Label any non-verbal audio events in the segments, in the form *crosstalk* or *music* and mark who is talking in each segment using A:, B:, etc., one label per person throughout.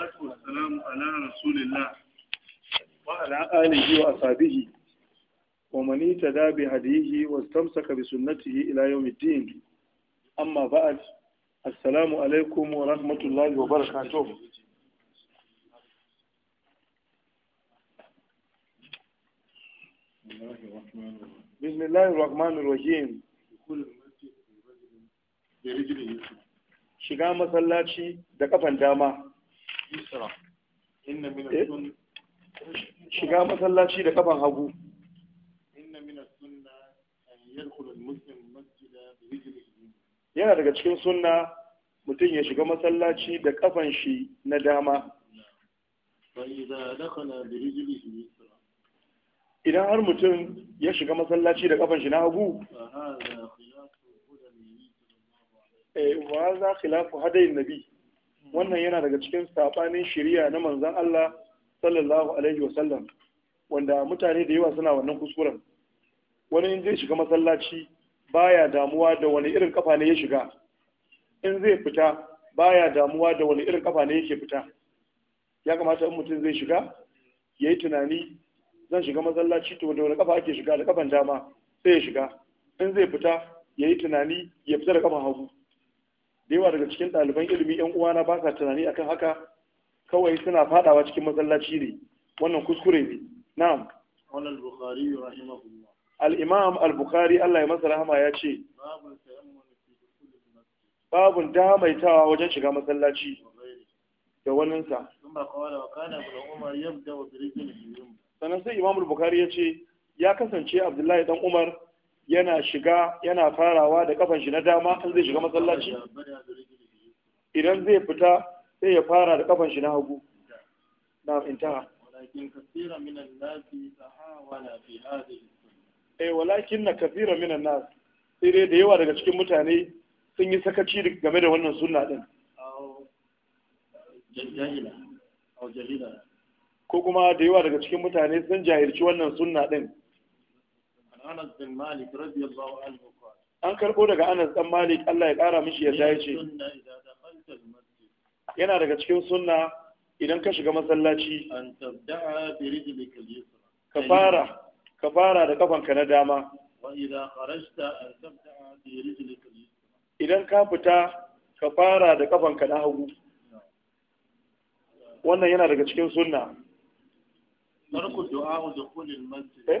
A: salatu wassalamu ala rasulillah wa ala alihi wa ashabihi wa man ittaba bi hadihi wa istamsaka bi sunnatihi ila yawmiddin amma ba'd assalamu alaikum wa rahmatullahi wa barakatuh بسم الله الرحمن الرحيم شغا مسلاتي دا قفن داما Eh? shiga masallaci da kafan hagu yana daga cikin sunna mutum ya shiga masallaci da kafan shi na dama idan har mutum ya shiga masallaci da kafan shi na hagu eh, wa za khilafu hadayin nabi wannan yana daga cikin sabanin shari'a na manzon Allah sallallahu alaihi wasallam wanda mutane da yawa suna wannan kuskuren wani in zai shiga masallaci baya damuwa da wani irin kafa ne ya shiga in zai fita baya damuwa da wani irin kafa ne yake fita ya kamata in mutum zai shiga ya yi tunani zan shiga masallaci to da wani kafa ake shiga da kafan dama sai ya shiga in zai fita ya yi tunani ya fita da kafan hagu da yawa daga cikin ɗaliban ilimi yan uwana ba sa tunani akan haka kawai suna fadawa cikin masallaci ne wannan kuskure ne na'am wannan bukhari rahimahullah al-imam al-bukhari Allah ya masa rahama ya ce babun damaitawa wajen shiga masallaci da sa sannan sai imam al-bukhari ya ce ya kasance abdullahi dan umar yana shiga yana farawa da kafan shi na dama in zai shiga masallaci idan zai fita sai ya fara da kafan shi na hagu na intaha walakin na kafira minan nas sai dai da yawa daga cikin mutane sun yi sakaci game da wannan sunna din ko kuma da yawa daga cikin mutane sun jahilci wannan sunna din an karɓo daga anas dan malik allah ya ƙara mishi yadda ya ce yana daga cikin sunna idan ka shiga masallaci ka fara ka fara da kafanka na dama idan ka fita ka fara da kafanka na hagu wannan yana daga cikin sunna farko du'a masjid eh?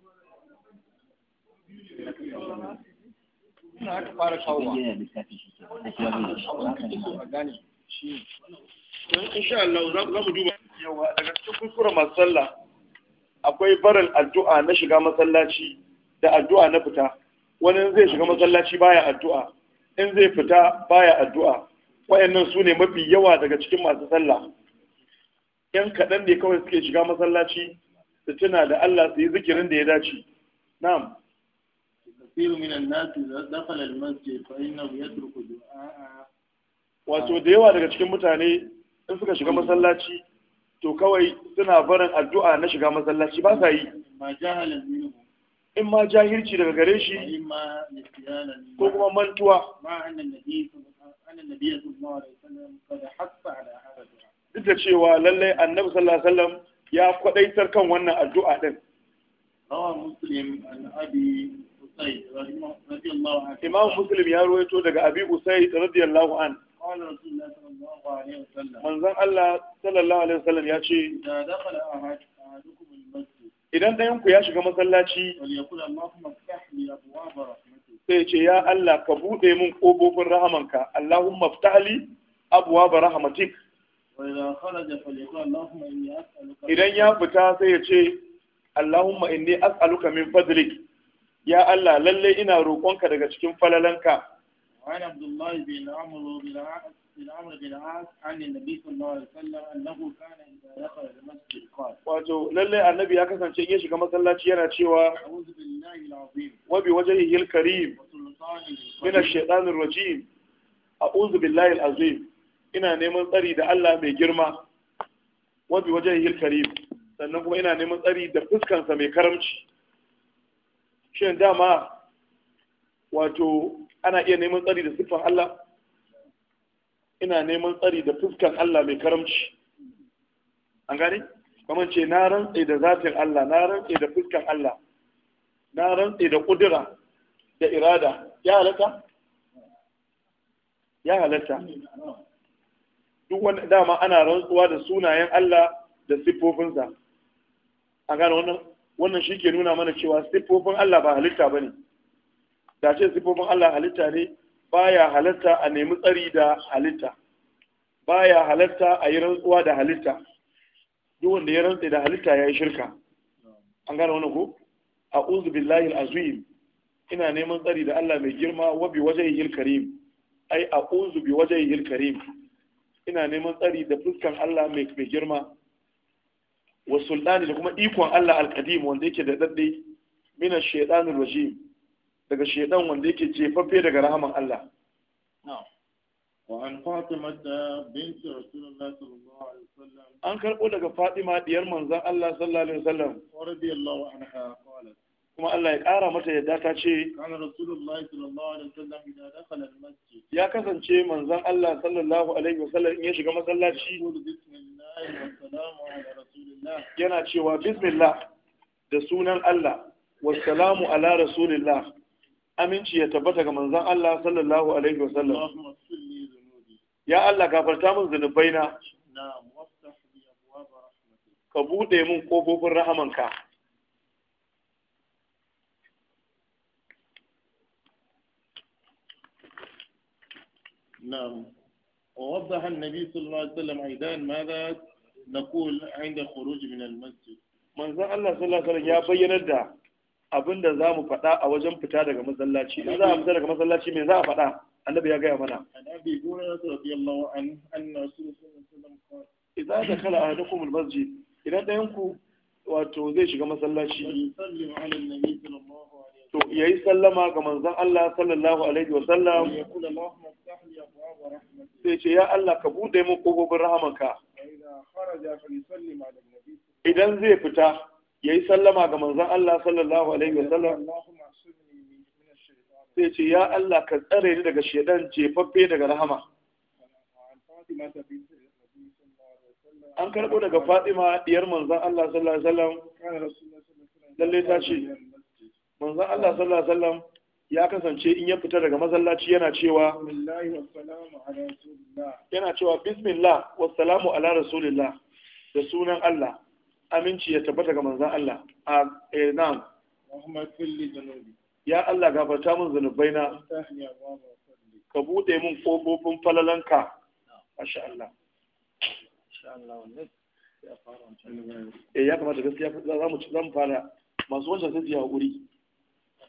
A: ina aka fara kawowa insha Allah za mu duba yawa daga cikin kuskuren masu sallah akwai barin addu'a na shiga masallaci da addu'a na fita wani zai shiga masallaci baya addu'a in zai fita baya addu'a wayannan su ne mafi yawa daga cikin masu sallah yan kaɗan ne kawai suke shiga masallaci su tuna da Allah su yi zikirin da ya dace na'am كثير من الناس wato da yawa daga cikin mutane in suka shiga masallaci to kawai suna barin addu'a na shiga masallaci ba sa yi in ma jahilci daga gare shi ko kuma mantuwa duk da cewa lallai annabi sallallahu alaihi wasallam ya kwadaitar kan wannan addu'a din rawa muslim an abi imam muslim ya ruwaito daga abi usaid radiyallahu an manzon Allah sallallahu alaihi wasallam ya ce idan ɗayan ku ya shiga masallaci sai ce ya Allah ka buɗe min ƙofofin rahamanka Allahumma ftahli ba rahmatik idan ya fita sai ya ce Allahumma inni as'aluka min fadlik ya Allah lalle ina rokonka daga cikin falalanka وعن عبد الله بن عمرو بن عن النبي صلى الله عليه وسلم انه كان اذا دخل المسجد قال للي النبي ya kasance in ya shiga masallaci yana cewa a'udhu billahi al-azim wa bi wajhihi al-karim min ina neman tsari da Allah mai girma wabi bi wajhihi karim sannan kuma ina neman tsari da fuskansa mai karamci shin dama wato ana iya neman tsari da siffar Allah ina neman tsari da fuskan Allah mai karamci an gane kamar ce na rantse da zafin Allah na rantse da fuskan Allah na rantse da kudura da irada ya halatta ya halatta duk wani dama ana rantsuwa da sunayen Allah da siffofinsa an gane wannan wannan shi ke nuna mana cewa siffofin Allah ba halitta ba ne da ce siffofin Allah halitta ne baya halatta a nemi tsari da halitta baya halatta a yi rantsuwa da halitta duk wanda ya rantse da halitta ya yi shirka an gane wani ko a uzu billahi azim ina neman tsari da Allah mai girma wa bi yi karim ai a uzu bi yi karim ina neman tsari da fuskan Allah mai girma wa sultani da kuma ikon Allah al-qadim wanda yake da dadde min ash-shaytanir rajim daga shaytan wanda yake jefaffe daga rahaman Allah وعن فاطمة بنت رسول الله صلى الله عليه وسلم أن كربو kuma Allah ya ƙara mata yadda ta ce kana sallallahu alaihi wasallam idan dakhala al-masjid ya kasance manzon Allah sallallahu alaihi wasallam in ya shiga masallaci yana cewa bismillah da sunan Allah wassalamu ala rasulillah aminci ya tabbata ga manzon Allah sallallahu alaihi wasallam ya Allah gafarta min zunubaina ka bude min kofofin rahamanka na'am ووضح النبي صلى الله عليه وسلم أيضا ماذا نقول عند الخروج من المسجد من ذا الله صلى الله عليه وسلم يا بين الدع abin da za mu faɗa a wajen fita daga masallaci in za a fita daga masallaci me za a faɗa annabi ya gaya mana annabi gona radiyallahu an anna rasulullahi sallallahu alaihi wasallam idza ahadukum almasjid idan dayan ku wato zai shiga masallaci to yayi sallama ga manzon Allah sallallahu alaihi sallam sai ce ya Allah ka bude mu kogogin rahamanka idan zai fita yayi sallama ga manzon Allah sallallahu alaihi sallam sai ce ya Allah ka tsare ni daga shedan jefaffe daga rahama an karɓo daga Fatima diyar manzon Allah sallallahu alaihi wasallam lalle ta ce manzon Allah sallallahu alaihi wasallam ya kasance in ya fita daga masallaci yana cewa yana cewa bismillah wassalamu ala rasulillah da sunan Allah aminci ya tabbata ga manzon Allah a eh, na'am ya Allah gafarta min na? ka bude min kofofin falalanka masha Allah eh, ya kamata gaskiya za mu fara masu wancan sai su yi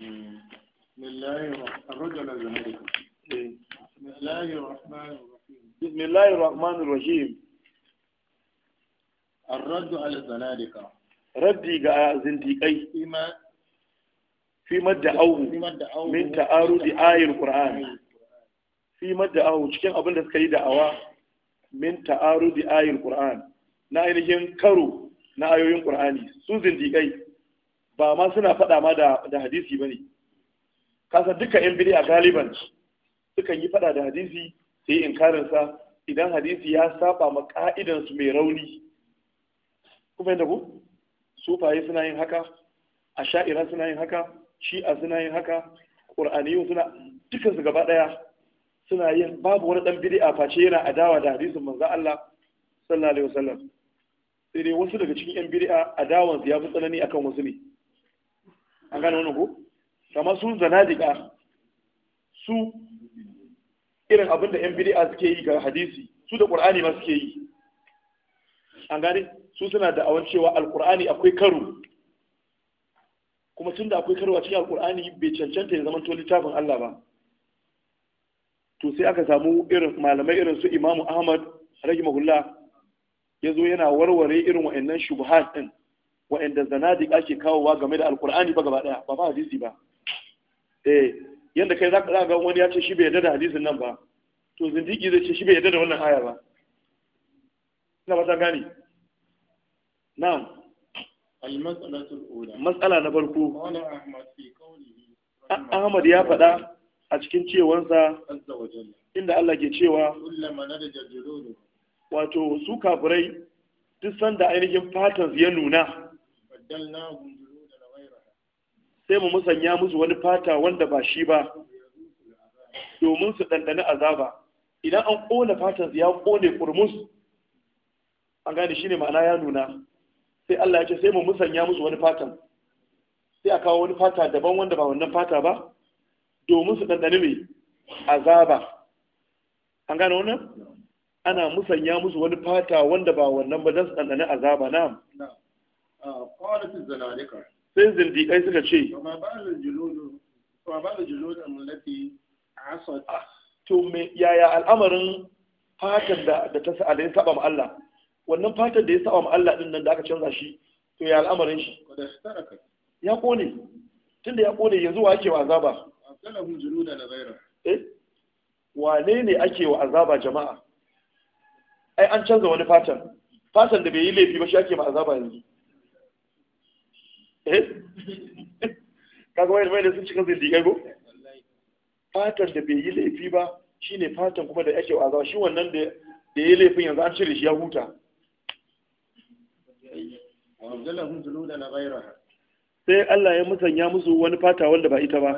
A: بسم الله الرحمن الرحيم الرد على الزنادقة ردي ga zindiƙai fi madda'awu min ta'arudi ayatul qur'an fi madda'awu cikin abin da suka yi da'awa min ta'arudi ayatul qur'an na ainihin karo na ayoyin qur'ani su zindiƙai ba ma suna faɗa ma da hadisi ba ne kasa duka yan bidi a galiban sukan yi faɗa da hadisi sai inkarinsa idan hadisi ya saba ma ka'idansu mai rauni kuma yadda ku sufaye suna yin haka a sha'ira suna yin haka shi'a suna yin haka qur'ani suna su gaba ɗaya suna yin babu wani ɗan bid'a face yana adawa da hadisin manzo Allah sallallahu alaihi wasallam sai dai wasu daga cikin yan bid'a adawansu ya fi tsanani akan wasu ne an gane wani ko kamar sun zanadika su irin abin da yan bid'a suke yi ga hadisi su da qur'ani ma suke yi an gane su suna da awan cewa alqur'ani akwai karo kuma tunda akwai karo a cikin alqur'ani bai cancanta ya zama to littafin Allah ba to sai aka samu irin malamai irin su Imam Ahmad rahimahullah yazo yana warware irin wa'annan shubuhat din wa'anda zanadiqa ke kawowa game da alkur'ani ba gaba daya ba ba hadisi ba eh yanda kai zaka ga wani ya ce shi bai yarda da hadisin nan ba to zindiki zai ce shi bai yarda da wannan aya ba ina ba ta gani na'am Matsala mas'ala na farko Ahmad ya faɗa a cikin cewansa inda Allah ke cewa wato su kafirai duk sanda ainihin fatan ya nuna sai mu musanya musu wani fata wanda ba shi ba domin su ɗanɗani azaba idan an ƙona fatan ya ƙone ƙurmus an gane shi ne ma'ana ya nuna sai Allah ya ce sai mu musanya musu wani fatan sai a kawo wani fata daban wanda ba wannan fata ba domin su ɗanɗani mai azaba an gane wannan ana musanya musu wani fata wanda ba wannan ba don su ɗanɗani azaba na قالت الزنادقة sai zindiƙai suka ce ah, to me yaya al'amarin fatan da da ta sa'ada ya saba ma Allah wannan fatan da ya saba ma Allah din nan da aka canza shi to ya al'amarin shi ya kone tunda ya kone yanzu wa ake wa azaba eh wane ne ake wa azaba jama'a ai an canza wani fatan fatan da bai yi laifi ba shi ake ma azaba yanzu Eh? *laughs* kaga wayar mai da sun cika zindigai ko fatan da bai yi laifi ba shine fatan kuma da ake wazawa shi wannan da da yi laifin yanzu an cire shi ya huta sai Allah ya musanya musu wani fata wanda ba ita ba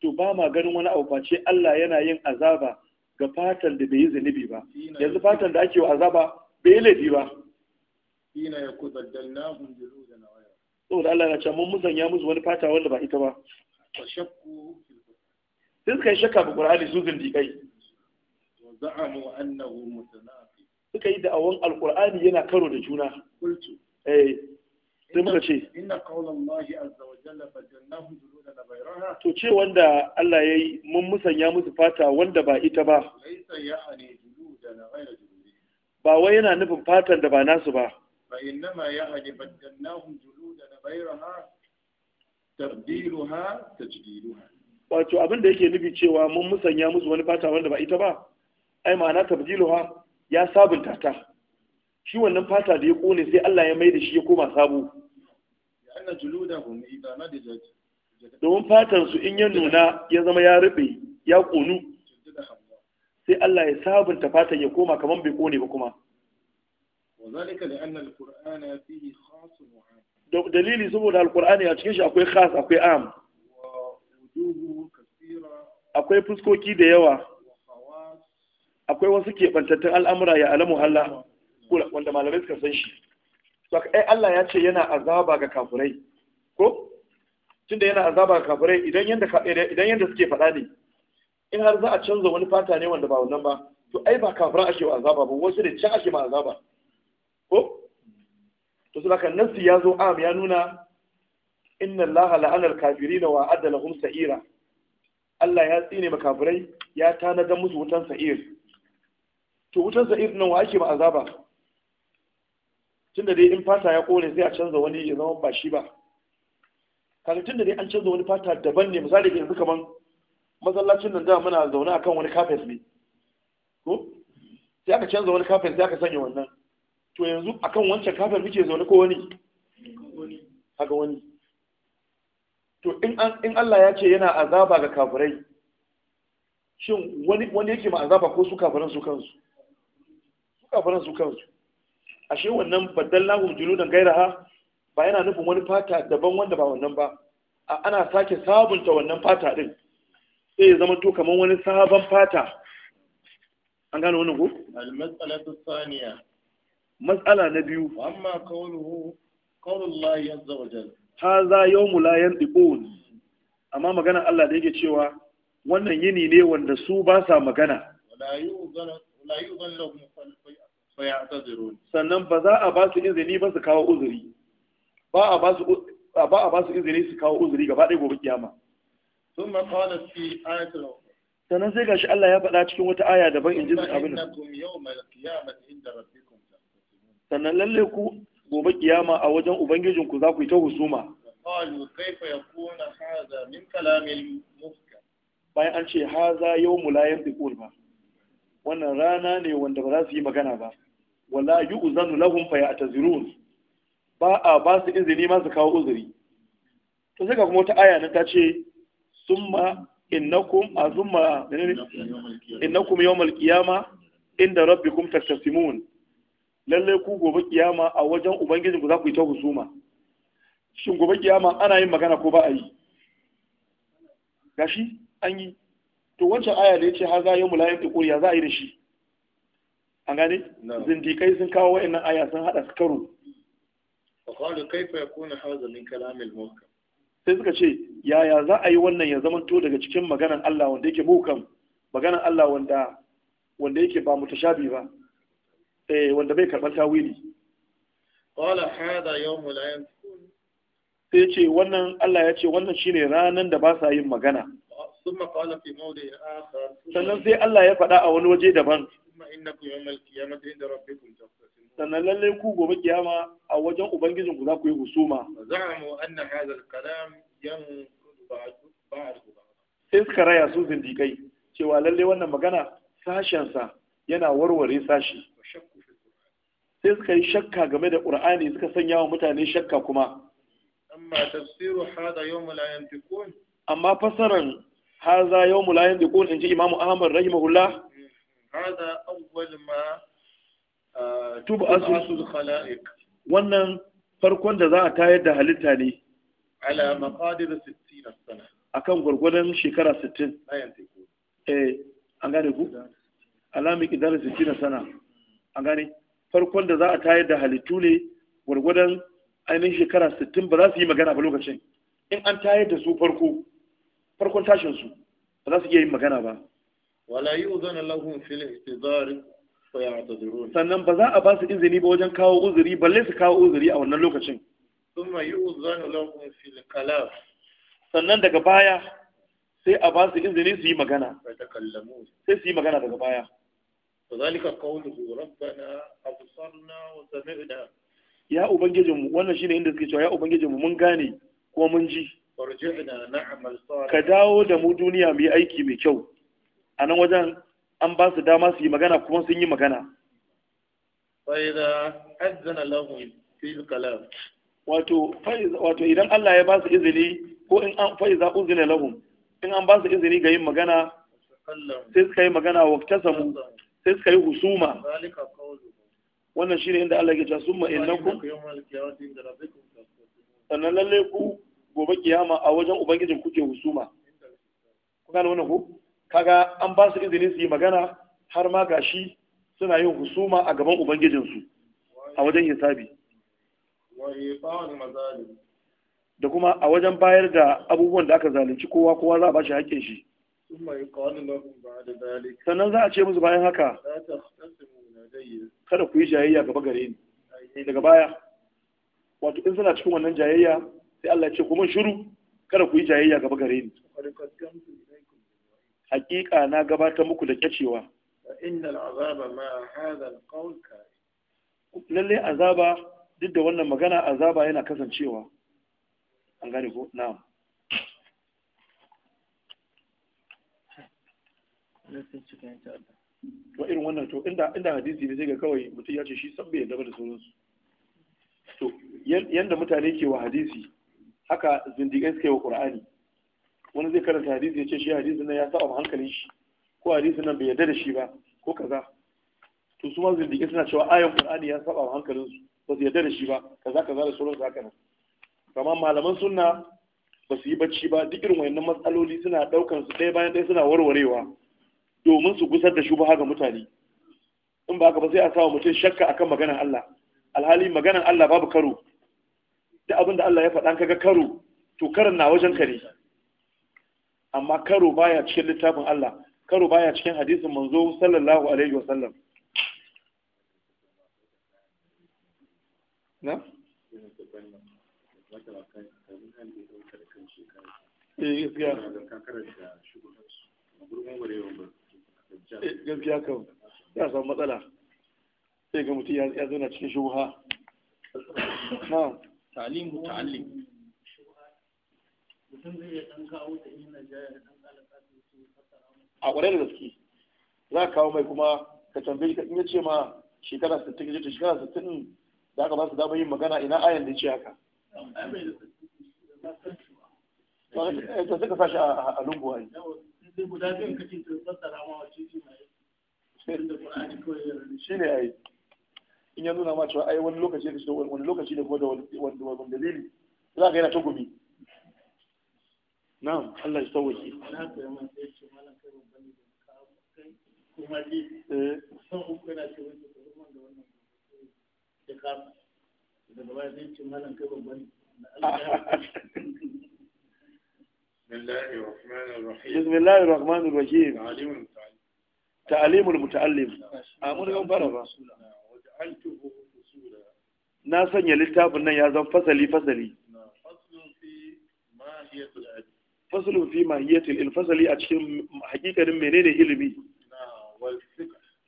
A: to ba ma ganin wani abu face Allah yana yin azaba ga fatan da bai yi zunubi ba yanzu fatan da ake wa azaba bai yi laifi ba hina ya ku Allah ya musu wani fata wanda ba ita ba sai suka yi shakka ga Qur'ani su zindiƙai za'amu annahu mutanafi suka yi da'awan alqur'ani yana karo da juna eh, sai muka ce inna lahi azza wa jalla to ce wanda Allah yayi mun musanya musu fata wanda ba ita ba ba wai yana nufin fatan da ba nasu ba فإنما يعني بدلناهم جلودا غيرها تبديلها تجديلها wato abin da yake nufi cewa mun musanya musu wani fata wanda ba ita ba ai ma'ana tabdiluha ya sabunta ta shi wannan fata da ya kone sai Allah ya mai da shi ya koma sabo domin fatan su in ya nuna ya zama ya rube ya konu sai Allah ya sabunta fatan ya koma kamar bai kone ba kuma وذلك لأن القرآن فيه خاص وعام دليلي سبب القرآن يتكيش أكوي خاص أكوي عام كثيرة أكوي ديوا akwai wasu keɓantattun al'amura ya alamu Allah wanda malamai suka san shi. Saka ai Allah ya ce yana azaba ga kafurai, ko? Tunda yana azaba ga kafurai idan yadda suke faɗa ne, in har za a canza wani fata ne wanda ba wannan ba, to ai ba kafuran ake wa azaba ba, wasu ne can ake ma azaba. ko to su haka nasi ya zo am ya nuna inna allaha la'anar kafirina wa Adala hum sa'ira Allah ya tsine makafirai ya tanadar musu wutan sa'ir to wutan sa'ir nan wa ake ba azaba tunda dai in fata ya kore sai a canza wani ya zama ba shi ba kaga tunda dai an canza wani fata daban ne misali yanzu kaman masallacin nan da muna zaune akan wani kafet ne ko sai aka canza wani kafet sai aka sanya wannan to yanzu akan wancan kafar muke zaune ko wani haka wani to in Allah ya ce yana azaba ga kafirai shin wani wani yake ma azaba ko su kafiran su kansu su kafiran su kansu ashe wannan baddallahu juludan gairaha ba yana nufin wani fata daban wanda ba wannan ba ana sake sabunta wannan fata din sai ya zama to kamar wani sabon fata an gano wannan ko al-mas'alatu thaniya matsala na biyu amma qawluhu qawlullahi azza wa jalla hadha yawmu la yantiqun amma magana Allah da yake cewa wannan yini ne wanda su ba sa magana sannan ba za a ba su izini ba su kawo uzuri ba a ba su izini su kawo uzuri gaba ɗaya gobe kiyama sannan sai gashi Allah ya faɗa cikin wata aya daban in ji abin sannan lalle ku gobe kiyama a wajen Ubangijin ku za ku yi ta husuma bayan an ce haza yau mulayar dikul ba wannan rana ne wanda ba za su yi magana ba wala yi uzanu lahun faya a tazirun ba a ba su izini ma su kawo uzuri to sai ga kuma wata aya ta ce summa innakum azumma innakum yawmal qiyama inda rabbikum taktasimun lallai ku gobe kiyama a wajen ubangijin ku za ku yi ta husuma shin gobe kiyama ana yin magana ko ba a yi gashi an yi to wancan aya da ya ce haza yau mulayin tukuri ya za a yi da shi an gane zindikai sun kawo wa'annan aya sun haɗa su karo faƙalu kaifa ya haza min kalamil muhkam sai suka ce yaya za a yi wannan ya to daga cikin maganan Allah wanda yake muhkam maganan Allah wanda wanda yake ba mutashabi ba Eh, wanda bai karɓar tawili qala hada yawmul ayyam sai ce wannan Allah ya ce wannan ne ranan da ba sa yin magana fi sannan sai Allah ya faɗa a wani waje daban sannan lalle ku gobe kiyama a wajen ubangijin ku za ku yi husuma sai suka raya su zindikai cewa lalle wannan magana sashensa yana warware sashi sai suka yi shakka game da ƙur'ani suka sanya wa mutane shakka kuma amma fasarar haza yau mulayen da amma fasaran hada yawm la yantiqun inji imamu ahmad rahimahullah hmm, hada awwal ma uh, tub'asu khalaiq wannan farkon da za a tayar da halitta ne ala maqadir 60 sana akan gurgurdan shekara 60 eh an gane ku alamik kidar 60 sana an gane farkon da za a tayar da halittu ne gwargwadon ainihin shekara 60 ba za su yi magana ba lokacin in an tayar da su farko farkon tashin su ba za su iya yin magana ba wala yu'zana lahum fil ihtizar fa ya'tazirun sannan ba za a ba su izini ba wajen kawo uzuri balle su kawo uzuri a wannan lokacin thumma yu'zana lahum fil kalam sannan daga baya sai a ba su izini su yi magana sai su yi magana daga baya وذلك قوله ربنا أبصرنا وسمعنا يا أبنجيجم وانا شيني عندك يا أبنجيجم من غاني ومن ورجعنا نعمل صالحا كداو دمو دنيا مي أيكي مي كيو أنا وجان an ba su dama su yi magana kuma sun yi magana. Wato idan Allah ya ba su izini ko in an fa'iza uzina lahum in an ba su izini ga yin magana sai suka yi magana wa tasamu sai suka yi husuma wannan shine inda Allah ya ce summa innakum sannan lalle ku gobe kiyama a wajen ubangijin kuke husuma kun ne wannan ko kaga an ba su izini su yi magana har ma gashi suna yin husuma a gaban ubangijinsu a wajen hisabi da kuma a wajen bayar da abubuwan da aka zalunci kowa kowa za a bashi haƙƙin shi sannan za a ce musu bayan haka kada ku yi jayayya gaba gare ni daga baya wato in suna cikin wannan jayayya sai Allah ya ce kuma mun shiru kada ku yi jayayya gaba gare ni hakika na gabatar muku da kyacewa lallai azaba duk da wannan magana azaba yana kasancewa an gane ko na'am to irin wannan to inda inda hadisi ne sai ga kawai mutum ya ce shi san bai yarda da sauransu to yanda mutane ke wa hadisi haka zindigai suke wa qur'ani wani zai karanta hadisi ya ce shi hadisin nan ya saba ma hankalin shi ko hadisin nan bai yarda da shi ba ko kaza to su ma zindigai suna cewa ayan qur'ani ya saba ma hankalin su ba su yarda da shi ba kaza kaza da sauransu haka nan kamar malaman sunna ba su yi bacci ba duk irin wayannan matsaloli suna daukan su ɗaya bayan ɗaya suna warwarewa domin su gusar da shubha ga mutane in ba ka ba sai a sawa mutum shakka akan maganar Allah alhali maganar Allah babu karo da abin da Allah ya faɗa kaga karo to karin na wajen kare amma karo baya cikin littafin Allah karo baya cikin hadisin manzo sallallahu alaihi wasallam na eh gaskiya gaskiya kan ya samu matsala sai ga mutum ya zauna cikin shubha na a ƙwarai da gaske za ka kawo mai kuma ka tambaye ka in ya ce ma shekara 60 shekara 60 da aka ba su damar yin magana ina ayan da ya ce haka to sai ka sashi a lungu ai sai guda to ma wace ce in ya nuna ma cewa wani lokaci da wani lokaci da kuma da wani wani za ka yana ta gumi na'am Allah ya na *laughs* بسم الله الرحمن الرحيم تعليم المتعلم امر يوم na sanya littafin nan ya zan fasali fasali fasalin fi mahiyatul ilfasali a cikin hakikanin menene ilimi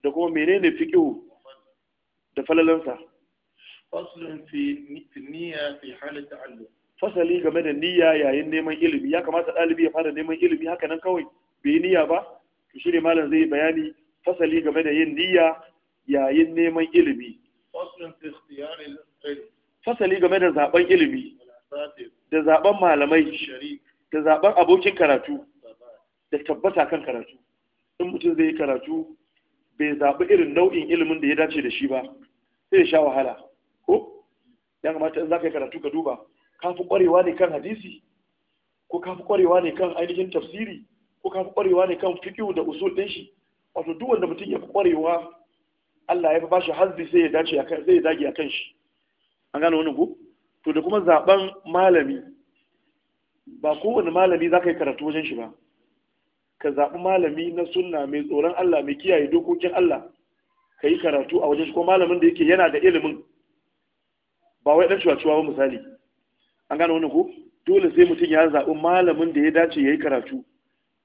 A: da kuma menene fiqhu da falalansa fasalin fi niyya fi halin fasali game da niyya yayin neman ilimi ya kamata ɗalibi ya fara neman ilimi haka nan kawai bai niyya ba to shi ne malam zai bayani fasali game da yin niyya yayin neman ilimi fasali game da zaben ilimi da zaben malamai da zaben abokin karatu da tabbata kan karatu in mutum zai yi karatu bai zaɓi irin nau'in ilimin da ya dace da shi ba sai ya sha wahala ko ya kamata in za ka yi karatu ka duba ka fi kwarewa ne kan hadisi ko ka fi kwarewa ne kan ainihin tafsiri ko ka fi kwarewa ne kan fiqh da usul din shi wato duk wanda mutum ya fi kwarewa Allah ya fi bashi hazzi sai ya dace akan sai ya dage akan shi an gane wani ko to da kuma zaben malami ba kowane malami za ka yi karatu wajen shi ba ka zaɓi malami na sunna mai tsoron Allah mai kiyaye dokokin Allah ka yi karatu a wajen shi ko malamin da yake yana da ilimin ba wai ɗan cuwa ba misali an gano wani ku? dole sai mutum ya zaɓi malamin da ya dace ya yi karatu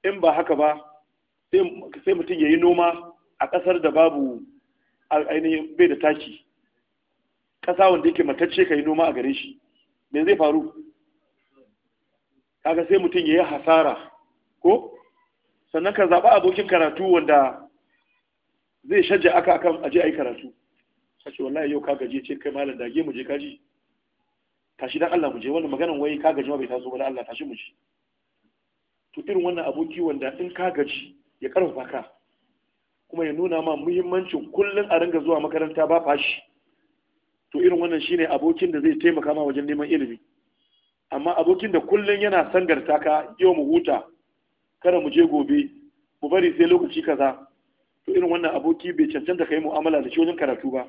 A: in ba haka ba sai mutum ya yi noma a ƙasar da babu ainihin bai da taki ƙasa wanda yake matacce ka yi noma a gare shi me zai faru kaga sai mutum ya yi hasara ko sannan ka zaɓi abokin karatu wanda zai shajja aka kan aje a yi karatu sace wallahi yau ka gaje ce kai malam da ge mu je kaji tashi dan Allah mu je wannan maganan wai ka gaji ma bai taso ba dan Allah tashi mu je to irin wannan aboki wanda in ka gaji ya karfafa ka kuma ya nuna ma muhimmancin kullun a ringa zuwa makaranta ba fashi to irin wannan shine abokin da zai taimaka ma wajen neman ilimi amma abokin da kullun yana sangarta ka yau mu huta kada mu je gobe mu bari sai lokaci kaza to irin wannan aboki bai cancanta kai mu'amala da shi wajen karatu ba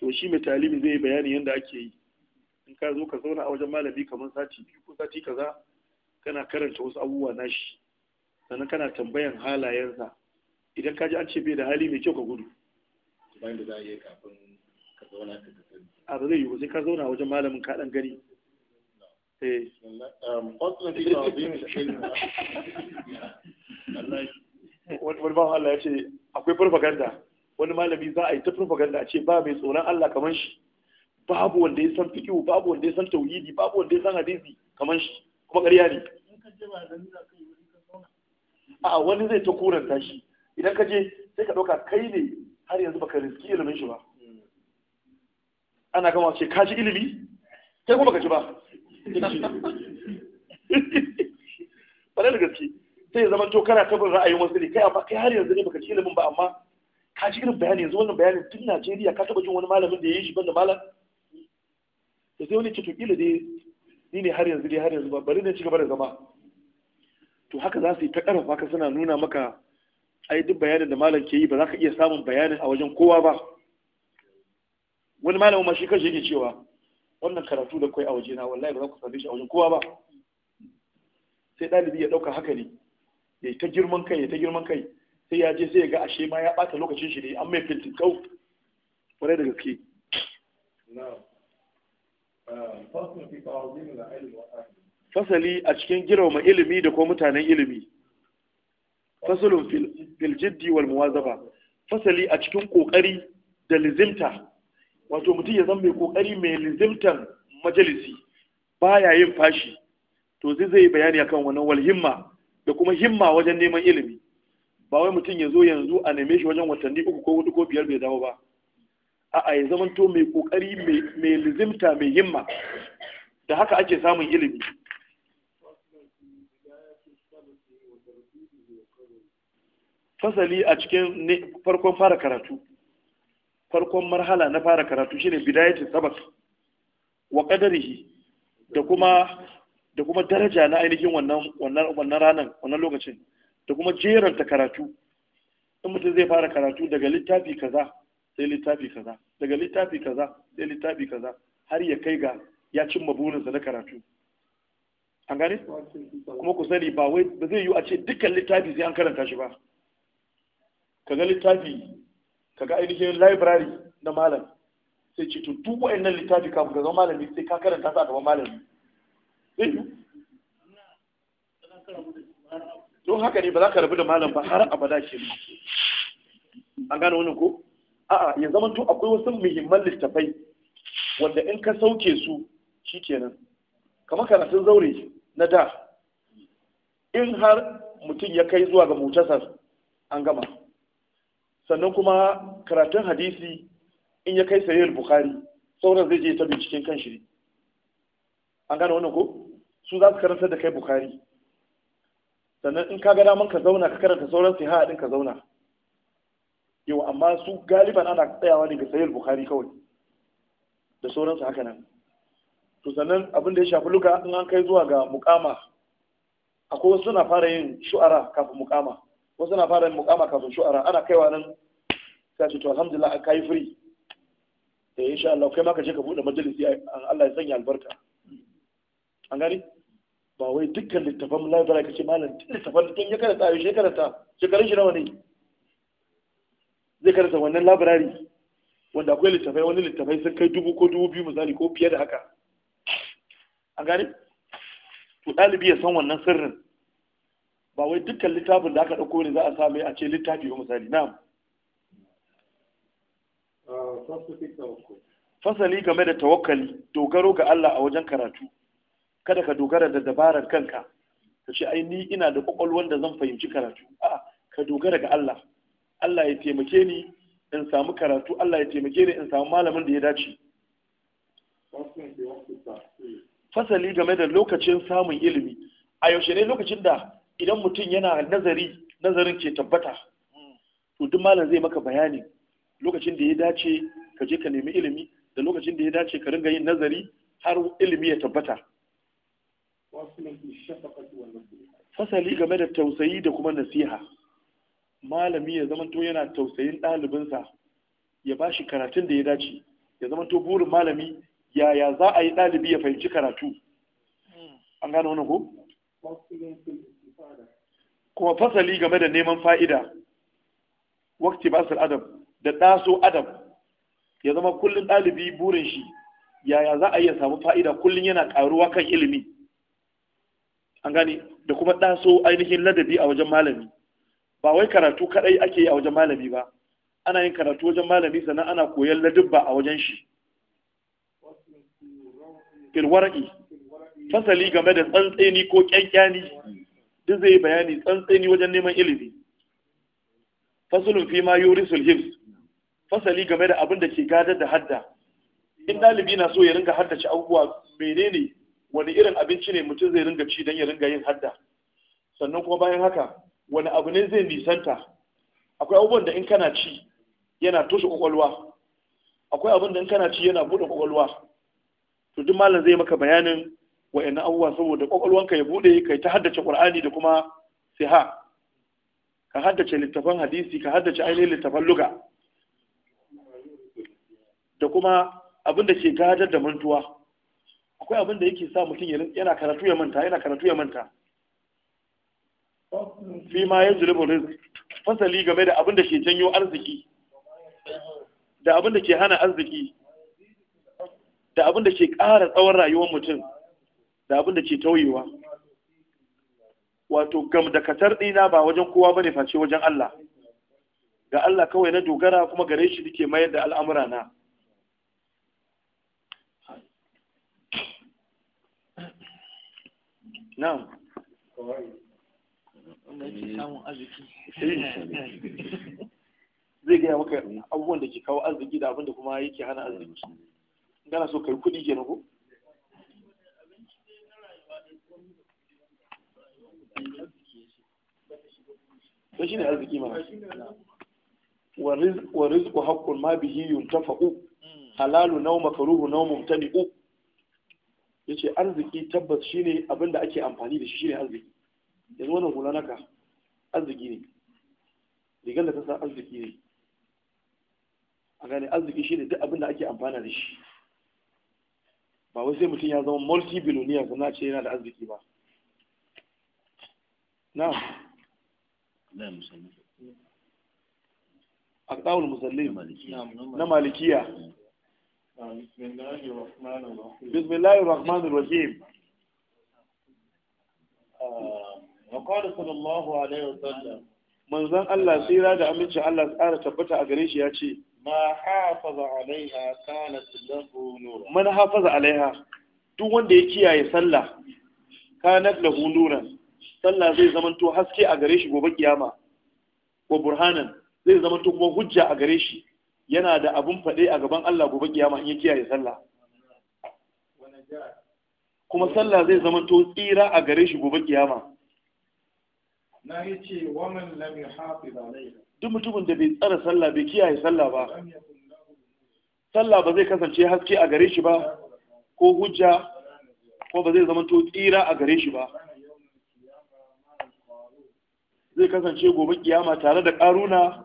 A: to shi mai talibi zai bayani yadda ake yi in ka zo ka zauna a wajen malami kamar sati biyu ko sati kaza kana karanta wasu abubuwa nashi sannan kana tambayan halayensa idan ka ji an ce bai da hali mai kyau ka gudu bayan da za a yi kafin ka zauna ka tafi a ba zai yi sai ka zauna wajen malamin ka dan gani eh um, *laughs* wani bawan Allah ya ce akwai farfaganda wani malami za a yi ta propaganda a ce ba mai tsoron Allah kamar shi babu wanda ya san fiqh babu wanda ya san tauhidi babu wanda ya san hadisi kamar shi kuma ƙarya ne a wani zai ta kuran tashi idan ka je sai ka ɗauka kai ne har yanzu baka riski ilimin shi ba ana gama ce ka ji ilimi kai kuma ka ji ba ba da gaske sai zama to kana tabin ra'ayin wasu ne kai amma kai har yanzu ne baka ci ilimin ba amma ka ji irin bayani yanzu wannan bayanin tun Najeriya ka taba jin wani malamin da ya yi shi banda malam da sai wani cikin ila dai ni ne har yanzu dai har yanzu ba bari ne ci gaba da zama to haka za su yi ta karfa ka suna nuna maka ai duk bayanin da malam ke yi ba za ka iya samun bayanin a wajen kowa ba wani malamin ma shi kanshi yake cewa wannan karatu da kai a wajena wallahi ba za ku same shi a wajen kowa ba sai ɗalibi ya ɗauka haka ne ya ta girman kai ya ta girman kai sai ya je sai ya ga ashe ma ya ɓata lokacin shi ne an mai filtin kau kwarai da gaske um, fasali a cikin girma ilimi da kuma mutanen ilimi fasalin filjiddi wal muwazaba fasali a cikin kokari da lizimta wato mutum ya zama mai kokari mai lizimtan majalisi baya yin fashi to zai zai bayani akan wannan wal himma da kuma himma wajen neman ilimi ba wai mutum ya zo yanzu a neme shi wajen watanni uku ko hudu ko biyar bai dawo ba a'a ya zamanto mai kokari mai lizimta mai himma da haka ake samun ilimi fasali a cikin farkon fara karatu farkon marhala na fara karatu shine bidayatul sabas wa kadarihi da kuma da kuma daraja na ainihin wannan wannan wannan ranan wannan lokacin da kuma jeranta karatu in mutum zai fara karatu daga littafi kaza sai littafi kaza daga littafi kaza sai littafi kaza har ya kai ga ya cimma burinsa na karatu an gane kuma ku sani ba wai ba zai yi a ce dukkan littafi sai an karanta shi ba kaga littafi kaga ainihin library na malam sai ce to duk wayannan littafi kafin ka zama malami sai ka karanta su a gaban malami yi don haka ne ba za ka rabu da malam ba har abada ke an gane wani ko a'a ya zama to akwai wasu muhimman littafai wanda in ka sauke su shi kenan. kamar karatun zaure na da in har mutum ya kai zuwa ga mutasar an gama sannan kuma karatun hadisi in ya kai sayar bukhari sauran zai je ta binciken kan shi an gane wani ko su za su karanta da kai bukhari sannan in ka ga daman ka zauna ka karanta sauran ya haɗin ka zauna yau amma su galiban ana tsayawa ne ga sayar bukhari kawai da sauransu haka nan to sannan abin da ya shafi luka in an kai zuwa ga mukama akwai wasu suna fara yin shu'ara kafin mukama wasu suna fara yin mukama kafin shu'ara ana kaiwa nan ta ce to alhamdulillah an kai free da eh, insha Allah kai ma ka je ka bude majalisi Allah ya sanya albarka an gani ba wai dukkan littafan library kace malam duk littafan da ya karanta a shi karanta shekarun shi nawa ne zai karanta wannan library wanda akwai littafai wani littafai sun kai dubu ko dubu biyu misali ko fiye da haka a gane to ɗalibi ya san wannan sirrin ba wai dukkan littafin da aka ɗauko ne za a same a ce littafi ba misali na'am ah, fasali game da tawakkali dogaro ga Allah a wajen karatu kada ka dogara da dabarar kanka ka ce ai ni ina da kwakwalwar da zan fahimci karatu a ka dogara ga Allah Allah ya taimake ni in samu karatu Allah ya taimake ni in samu malamin da ya dace fasali game da lokacin samun ilimi a yaushe ne lokacin da idan mutum yana nazari nazarin ke tabbata to duk malam zai maka bayani lokacin da ya dace ka je ka nemi ilimi da lokacin da ya dace ka ringa yin nazari har ilimi ya tabbata fasali game da tausayi da kuma nasiha malami ya zamanto yana tausayin ɗalibinsa ya ba shi karatun da ya dace ya zamanto burin malami yaya za a yi ɗalibi ya fahimci karatu an gano wani ko? kuma fasali game da neman fa'ida wakti basir adam da ɗaso adam ya zama kullum ɗalibi burin shi yaya za a iya samu fa'ida kullum yana ƙaruwa kan ilimi an gani da kuma ɗaso ainihin ladabi a wajen malami ba wai karatu kaɗai ake yi a wajen malami ba ana yin karatu wajen malami sannan ana koyon ladabba a wajen shi firwaraki fasali game da tsantseni ko kyankyani duk zai bayani tsantseni wajen neman ilimi fasulun fi ma yurisul fasali game da abin da ke gadar da hadda in ɗalibi na so ya ringa haddace abubuwa menene wani irin abinci ne mutum zai ringa ci don ya ringa yin hadda sannan kuma bayan haka wani abu ne zai nisanta akwai abubuwan da in kana ci yana toshe kwakwalwa akwai abin da in kana ci yana bude kwakwalwa to duk malam zai maka bayanin wa'annan abubuwa saboda kwakwalwanka ya buɗe kai ta haddace qur'ani da kuma siha ka haddace littafan hadisi ka haddace ainihin littafan luga da kuma abin da ke gadar da mantuwa akwai abin da yake sa mutum yana karatu ya manta yana karatu ya manta fi ma ya zulubu rizq fasali game da abin da ke janyo arziki da abin da ke hana arziki da abin da ke ƙara tsawon rayuwar mutum da abin da ke tauyewa wato gam da katar ɗina ba wajen kowa ba ne face wajen Allah ga Allah kawai na dogara kuma gare shi ke mayar da al'amura na na'am *laughs* zai gaya maka abubuwan da ke kawo arziki da abin da kuma yake hana arziki gana so kai ke kenan ko shi ne arziki ma wa rizqu haqqun ma bihi yuntafa'u halalu naw makruhu naw mumtani'u yace arziki tabbas shine abinda ake amfani da shi shine arziki yanzu wannan hula naka arziki ne rigar da ta sa arziki ne a gane arziki shine duk abinda ake amfana da shi ba wai sai mutum ya zama multi billionaire kuma ce yana da arziki ba na a ƙawar musalli na malikiya بسم الله الرحمن الرحيم وقال صلى الله عليه وسلم من ذن الله سيرا da amincin الله tsara tabbata a gare ya ce ma hafaza alaiha kanat lahu nura man alaiha duk wanda ya kiyaye sallah kanat da nura sallah zai zamanto haske a gare shi gobe kiyama wa burhanan zai zamanto kuma hujja a gare shi yana da abun faɗe a gaban Allah gobe kiyama in ya kiyaye sallah
B: kuma sallah zai
A: zama to tsira a gare shi gobe kiyama na yace waman lam yahafiz alayha duk mutumin da bai tsara sallah bai kiyaye sallah ba sallah ba zai kasance haske a gare shi ba ko hujja ko ba zai zama to tsira a gare shi ba zai kasance gobe kiyama tare da karuna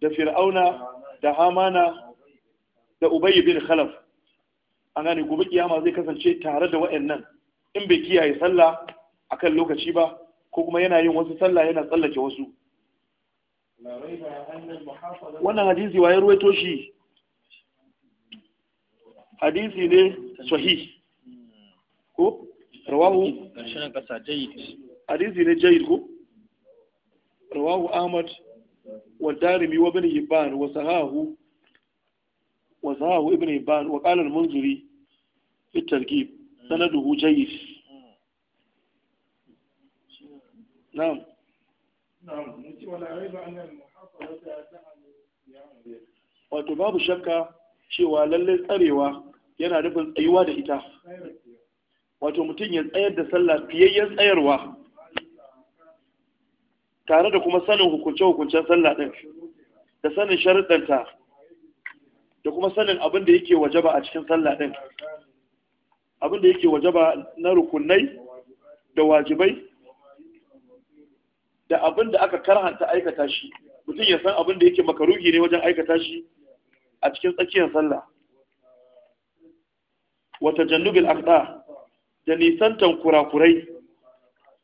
A: da fir'auna da hamana da ubayi bin khalaf an gane gobe kiyama zai kasance tare da wa'annan in bai kiyaye sallah akan lokaci ba ko kuma yana yin wasu sallah yana tsallake wasu wannan hadisi wa ruwaito shi hadisi ne sahih ko rawahu hadisi ne jayid ko rawahu ahmad wa وابن wa ibn hibban ابن يبان وقال sahahu في wa qala نعم نعم fi at-targhib shakka cewa lallai tsarewa yana nufin tsayuwa da ita wato mutum ya tsayar da sallah fiyayyen tsayarwa tare da kuma sanin hukunce-hukuncen sallah ɗin da sanin sharuɗanta da kuma sanin abin da yake wajaba a cikin sallah ɗin abin da yake wajaba na rukunai da wajibai da abin da aka karhanta aikata shi mutum ya san abin da yake makarugi ne wajen aikata shi a cikin tsakiyar sallah wata jannubin akɗa da nisantan kurakurai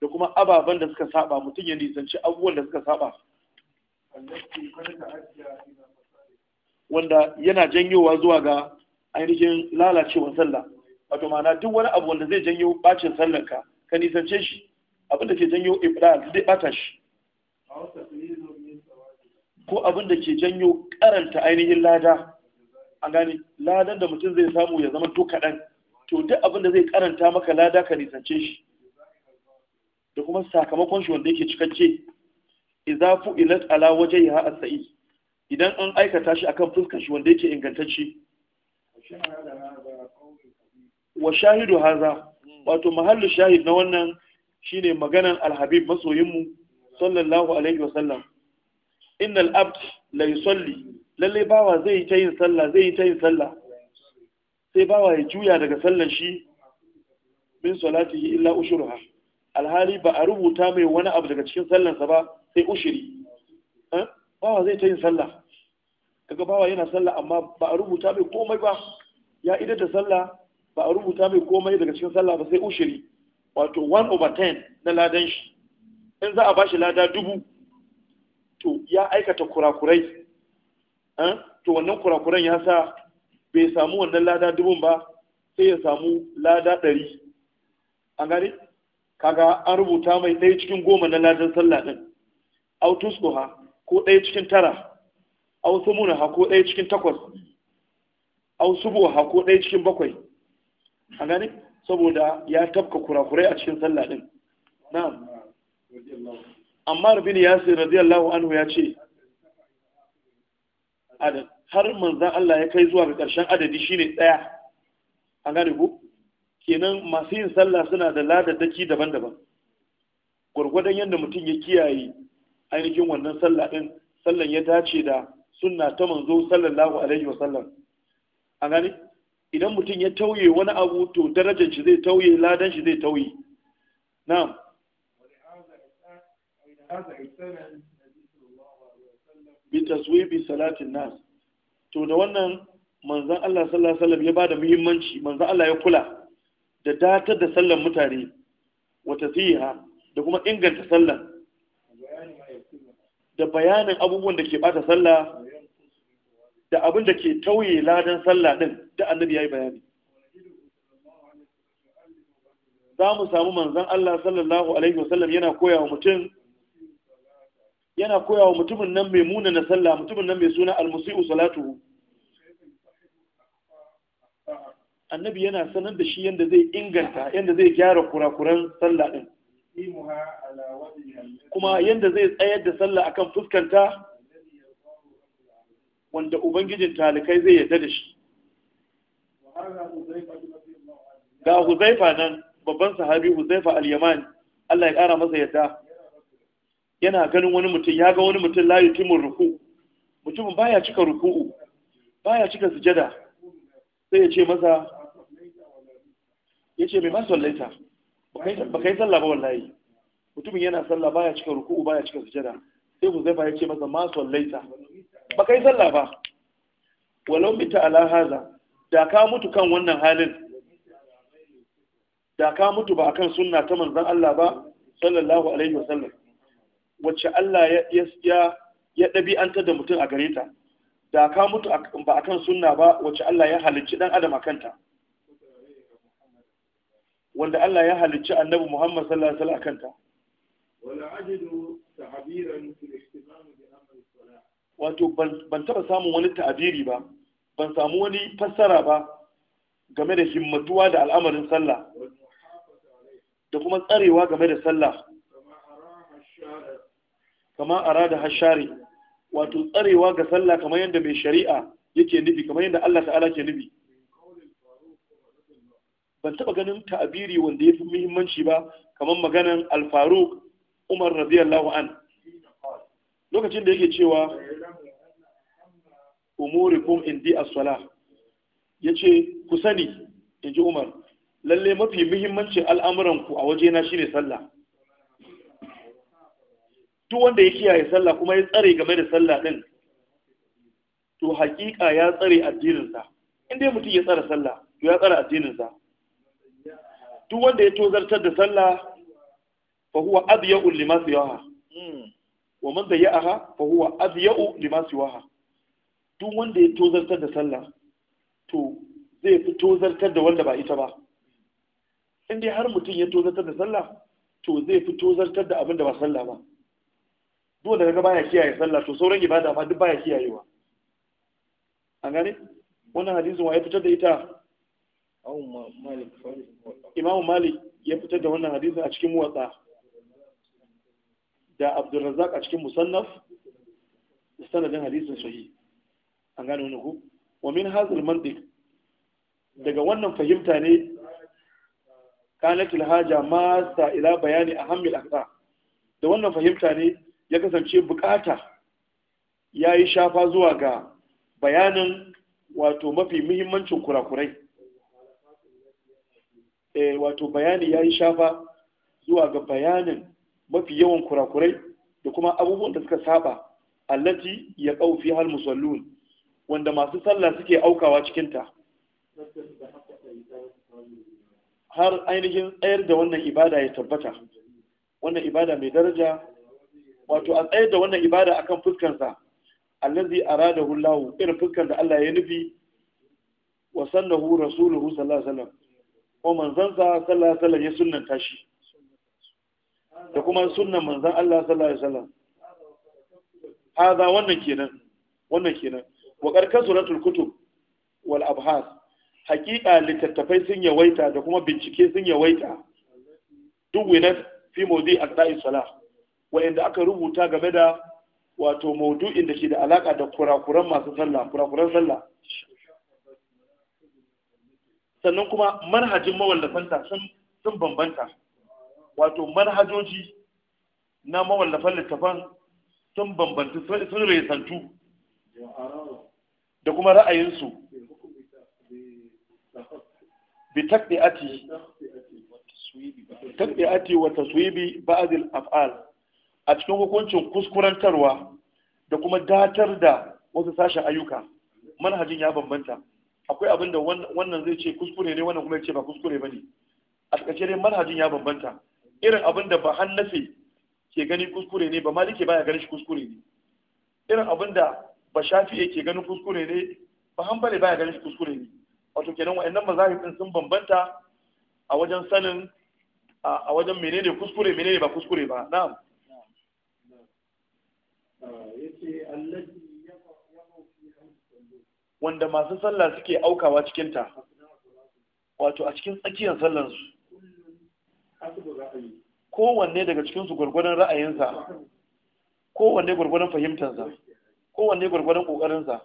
A: da kuma ababen da suka saba mutum ya nisanci abubuwan da suka saba wanda yana janyowa zuwa ga ainihin lalacewar sallah wato ma'ana duk wani abu wanda zai janyo bacin sallar ka ka nisance shi abin da ke janyo ibra zai bata shi ko abin da ke janyo karanta ainihin lada an gane ladan da mutum zai samu ya zama to kaɗan to duk abin da zai karanta maka lada ka nisance shi da kuma sakamakon shi wanda yake cikakke idza fu'ilat ala wajhiha as-sa'i idan an aikata shi akan fuskar shi wanda yake ingantacce wa shahidu haza wato mahallu shahid na wannan shine maganan al-habib masoyinmu sallallahu alaihi wa wasallam innal abd la yusalli lalle bawa zai ta yin sallah zai yi ta yin sallah sai bawa ya juya daga sallar shi min salatihi illa ushruha alhali ba a rubuta mai wani abu daga cikin sallansa ba sai ushiri eh? bawa zai ta yin sallah daga bawa yana sallah amma ba a rubuta mai komai ba ya idar da sallah ba a rubuta mai komai daga cikin sallah ba sai ushiri wato 1 over 10 na ladan shi in za a ba shi lada dubu to ya aikata kurakurai eh? to wannan kurakuran ya sa bai samu wannan lada dubun ba sai ya samu lada ɗari an gane kaga an rubuta mai ɗaya cikin goma na ladan sallah ɗin au ha ko ɗaya cikin tara au ha ko ɗaya cikin takwas au ha ko ɗaya cikin bakwai a gani saboda ya tafka kurakurai a cikin sallah ɗin na amma rabin yasir radiyallahu anhu ya ce har manzan Allah ya kai zuwa ga ƙarshen adadi shine ɗaya a gane ku kenan masu yin sallah suna da ladaddaki daban-daban gwargwadon yadda mutum ya kiyaye ainihin wannan sallah din sallan ya dace da sunna ta manzo sallallahu alaihi wa sallam a gani idan mutum ya tauye wani abu to darajar shi zai tauye ladan shi zai tauye na'am bi taswibi salatin nas to da wannan manzon Allah sallallahu alaihi wasallam ya bada muhimmanci manzon Allah ya kula da datar da sallan mutane wata fiha da kuma inganta sallan da bayanin abubuwan da ke bata sallah da abin da ke tauye ladan sallah din da annabi ya yi bayani za mu samu manzan Allah sallallahu alaihi wasallam yana koya wa mutum yana koya wa mutumin nan mai muna na sallah mutumin nan mai suna almusi'u Salatu. annabi yana sanar da shi yadda zai inganta yadda zai gyara kurakuran sallah din kuma yadda zai tsayar da sallah akan fuskanta wanda ubangijin talikai zai yarda da shi ga huzaifa nan babban sahabi huzaifa al-yaman Allah ya kara masa yarda yana ganin wani mutum ya ga wani mutum layu timin ruku mutumin baya cika ruku'u baya cika sujada sai ya ce masa ya ce mai ma sallaita ba ka yi sallah ba wallahi mutumin yana sallah baya cika ruku'u baya cika sujada sai ba ya ce masa ma sallaita ba ka yi sallah ba walau mita ala haza da ka mutu kan wannan halin da ka mutu ba akan sunna ta manzon Allah ba sallallahu alaihi wasallam wacce Allah ya ya ya dabi'antar da mutum a gare ta da ka mutu ba akan sunna ba wacce Allah ya halicci dan adam akanta wanda Allah ya halicci annabi Muhammad sallallahu alaihi wasallam kanta wala ajidu ta'biran fil ihtimam bi amri salah wato ban taba samun wani ta'abiri ba ban samu wani fassara ba game da himmatuwa da al'amarin sallah da kuma tsarewa game da sallah kama arada hashari wato tsarewa ga sallah kamar yadda mai shari'a yake nufi kamar yadda Allah ta'ala ke nufi ban taba ganin ta'abiri wanda ya fi muhimmanci ba kamar maganan alfaruk umar radiyallahu an lokacin da yake cewa Kun indi aswala ya ce ku sani in ji umar lalle mafi muhimmancin al'amuranku a waje na shine sallah duk wanda ya kiyaye sallah kuma ya tsare game da sallah din to hakika ya tsare addininsa in dai mutum ya tsara sallah to ya tsara addininsa duk wanda ya tozartar da sallah fa huwa adya'u lima siwaha hmm. wa man dayya'aha fa huwa adya'u lima siwaha duk wanda ya tozartar da sallah to zai fi tozartar da wanda ba ita ba in dai har mutum ya tozartar da sallah to zai fi tozartar da abin da ba sallah ba duk wanda kaga baya kiyaye sallah to sauran ibada ma duk baya kiyayewa an gane wannan hadisin wa ya fitar da ita Imam Malik ya fitar da wannan hadisin a cikin muwatsa da Abdulrazzaq a cikin musannaf sanadin hadisin sahih an gane wani ku wa min hazal mantiq daga wannan fahimta ne kanatul haja ma sa ila bayani Hamil aqsa da wannan fahimta ne ya kasance bukata yayi shafa zuwa ga bayanin wato mafi muhimmancin kurakurai Eh, wato bayani ya yi shafa zuwa ga bayanin mafi yawan kurakurai da kuma abubuwan da suka saba allati ya ƙaufi hal musallun wanda masu sallah suke aukawa cikinta har ainihin tsayar da wannan ibada ya tabbata wannan ibada mai daraja wato a tsayar da wannan ibada akan fuskansa allazi aradahu hulawu irin fuskan da Allah ya nufi wa sannahu rasuluhu sallallahu alaihi wasallam ko manzan sa sallallahu alaihi wasallam ya sunnanta shi da kuma sunnan manzan Allah sallallahu alaihi wasallam hada wannan kenan wannan kenan wa karkan suratul kutub wal abhas haqiqa littattafai sun yawaita da kuma bincike sun yawaita duk wani fi mawdi aqda'i salah inda aka rubuta game da wato mawdu'in da ke da alaka da kurakuran masu sallah kurakuran sallah sannan kuma manhajin mawallafanta sun bambanta wato manhajoji na mawallafan littafan sun bambanta sun resantu da kuma ra'ayinsu bi takbi'ati wata wa taswibi ba'd al-af'al a cikin hukuncin kuskurantarwa da kuma datar da wasu sashen ayyuka manhajin ya bambanta akwai abin da wannan zai ce kuskure ne wannan kuma ya ce ba kuskure ba ne a ƙarshe dai manhajin ya bambanta irin abin da ba hannafe ke gani kuskure ne ba malike baya ganin shi kuskure ne irin abin da ba shafi'e ke ganin kuskure ne ba hanbali baya ganin shi kuskure ne wato kenan wa'annan mazahibin sun bambanta a wajen sanin a wajen menene kuskure menene ba kuskure ba na'am yace allazi wanda masu sallah suke aukawa cikinta wato a cikin tsakiyar sallansu kowanne daga cikinsu gwargwadon ra'ayinsa kowanne gwargwadon fahimtansa, kowanne gwargwadon ƙoƙarinsa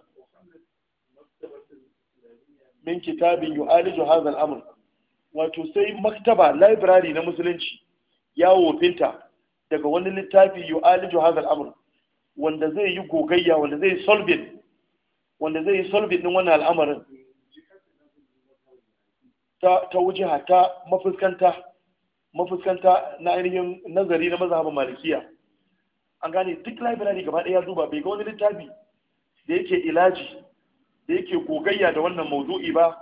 A: min kitabin yu'aliju hadha Amur, wato sai maktaba library na musulunci ya wofinta daga wani littafi yu'aliju hadha Amur, wanda zai yi gogayya wanda zai solving wanda zai yi solving din wannan al'amarin ta ta ta mafuskanta mafuskanta na ainihin nazari na mazhabin malikiya an gane duk library gaba ɗaya zuba bai ga wani littafi da yake ilaji da yake gogayya da wannan mawdu'i ba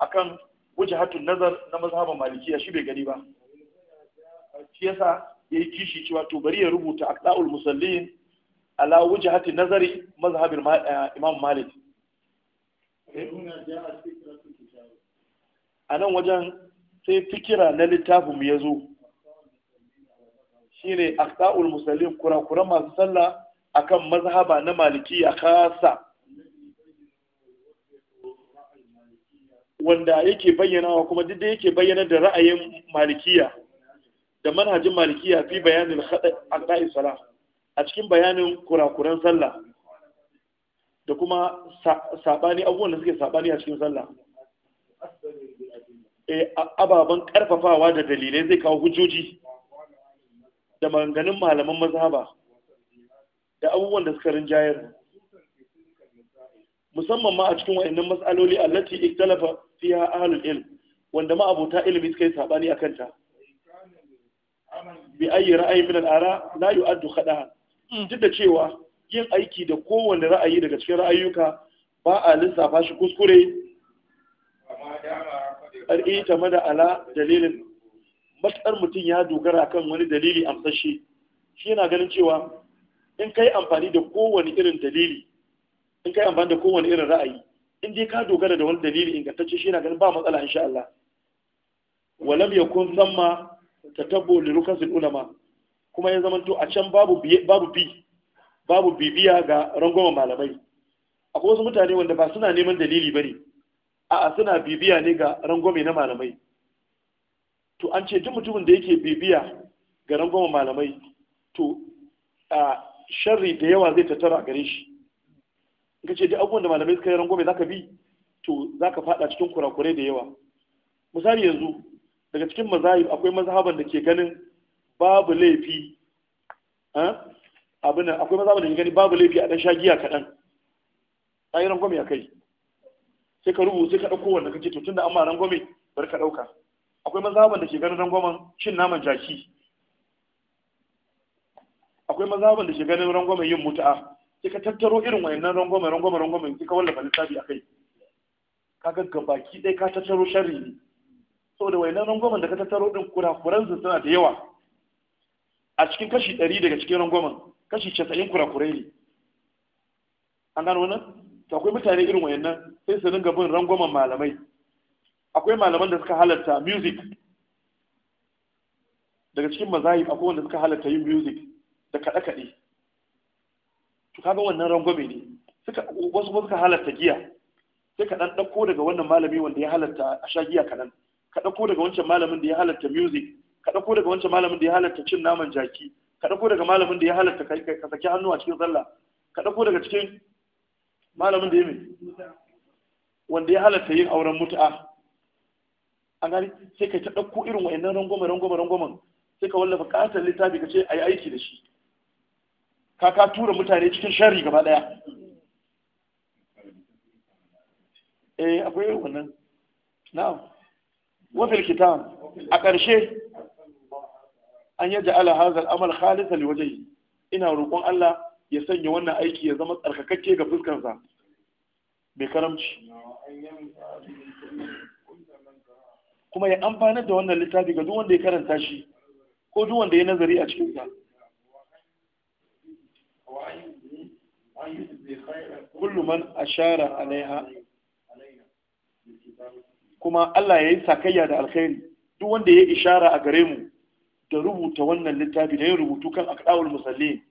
A: akan wujahatun nazar na mazhabin malikiya shi bai gani ba shi yasa yayi kishi cewa to bari ya rubuta aqdaul musallin ala wujhati nazari mazhabin eh, imam malik a nan wajen sai fikira na littafin ya zo shine aqsa'ul musallin kura masu sallah kan mazhaba na malikiya kasa wanda yake bayyanawa kuma duk da yake bayyana da ra'ayin malikiya da manhajin malikiya fi bayanin haɗa salah a cikin bayanin kurakuran sallah da kuma sabani abubuwan da suke sabani a cikin sallah eh ababan karfafawa da dalilai zai kawo hujjoji da maganganun malaman mazhaba da abubuwan da suka rinjayar musamman ma a cikin wayannan matsaloli allati iktalafa fiha ahlul ilm wanda ma abota ilimi suka yi sabani akan ta bi ayi ra'ayi min al-ara la yu'addu khada'an Mm. duk da cewa yin aiki da kowane ra'ayi daga cikin ra'ayuka ba a lissafa shi kuskure ƙar'i eh, ta da ala dalilin matsar mutum ya dogara kan wani dalili amsashe shi yana ganin cewa in kai amfani da kowane irin dalili in kai amfani da kowane irin ra'ayi in dai ka dogara da wani dalili ingantacce shi yana ganin ba matsala insha Allah
B: walam yakun
A: zamma tatabbu li ulama kuma ya zamanto a can babu babu bi babu bibiya ga rangwamen malamai akwai wasu mutane wanda ba suna neman dalili bane a'a suna bibiya ne ga rangwame na malamai to an ce duk mutumin da yake bibiya ga rangwamen malamai to a sharri da yawa zai tattara gare shi in ka ce duk abubuwan da malamai suka yi rangwame zaka bi to zaka fada cikin kurakurai da yawa misali yanzu daga cikin mazahib akwai mazhaban da ke ganin babu laifi abin akwai maza da gani babu laifi a ɗan shagiya kaɗan a yi rangwame a kai sai ka rubu sai ka ɗauko wanda kake to tunda amma rangwame bari ka ɗauka akwai mazabin da ke ganin rangwamen cin naman jaki akwai mazabin da ke ganin rangwamen yin mutu'a sai ka tattaro irin wayannan rangwamen rangwamen rangwamen sai ka wallafa littafi a kai ka ga baki ɗaya ka tattaro sharri ne saboda wayannan rangwamen da ka tattaro ɗin kurakuran su suna da yawa a cikin kashi ɗari daga cikin rangwamen kashi casa'in kurakurai ne an gano wannan to akwai mutane irin wayannan sai su dinga bin rangwamen malamai akwai malaman da suka halarta music daga cikin mazayi akwai wanda suka halarta yin music da kaɗe-kaɗe to kaga wannan rangwame ne suka wasu kuma suka halarta giya sai ka ɗan ɗauko daga wannan malami wanda ya halarta a sha giya kaɗan ka ɗauko daga wancan malamin da ya halarta music ka ɗauko daga wancan malamin da ya halatta cin naman jaki ka ɗauko daga malamin da ya halatta ka saki hannu a cikin sallah ka ɗauko daga cikin malamin da ya mai wanda ya halatta yin auren mutu'a A gani sai ka ta ɗauko irin wa'annan rangoma rangoma rangwamen sai ka wallafa ƙatar littafi ka ce a yi aiki da shi ka ka tura mutane cikin shari gaba ɗaya eh akwai wannan na'am wafil kitab a ƙarshe an yaja ala hazal amal khalisa liwajhi ina roƙon Allah ya sanya wannan aiki ya zama tsarkakakke ga fuskarsa mai karamci kuma ya amfana da wannan littafi ga duk wanda ya karanta shi ko duk wanda ya nazari a cikin sa kullu man ashara alaiha kuma Allah ya yi sakayya da alkhairi duk wanda ya ishara a gare mu da rubuta wannan littafi da yin rubutu kan akdawul musallin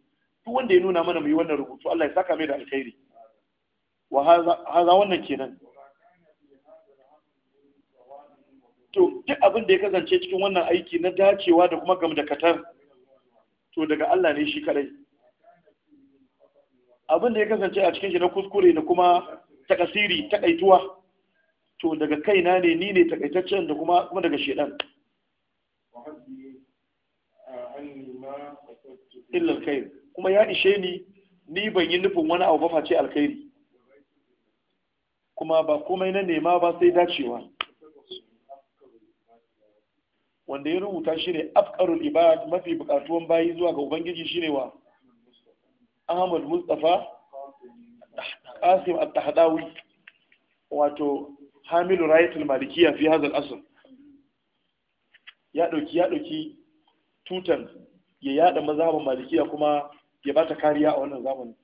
A: duk wanda ya nuna mana mu yi wannan rubutu Allah ya saka mai da alkhairi wa haza wannan kenan to duk abin da ya kasance cikin wannan aiki na dacewa da kuma gam da katar to daga Allah ne shi kadai abin da ya kasance a cikin shi na kuskure da kuma takasiri takaituwa to daga kaina ne ni ne takaitaccen da kuma kuma daga shedan illa alkhair kuma ya ishe ni ni ban yi nufin wani abu ba face alkhairi kuma ba komai na nema ba sai dacewa wanda ya rubuta shi ne afkarul ibad mafi bukatuwan bayi zuwa ga ubangiji shine wa ahmad mustafa qasim at-tahdawi wato hamilu rayatul ya fi hadha al-asr ya dauki ya dauki tutan ya yada mazhaban malikiya kuma ya bata kariya a wannan zamani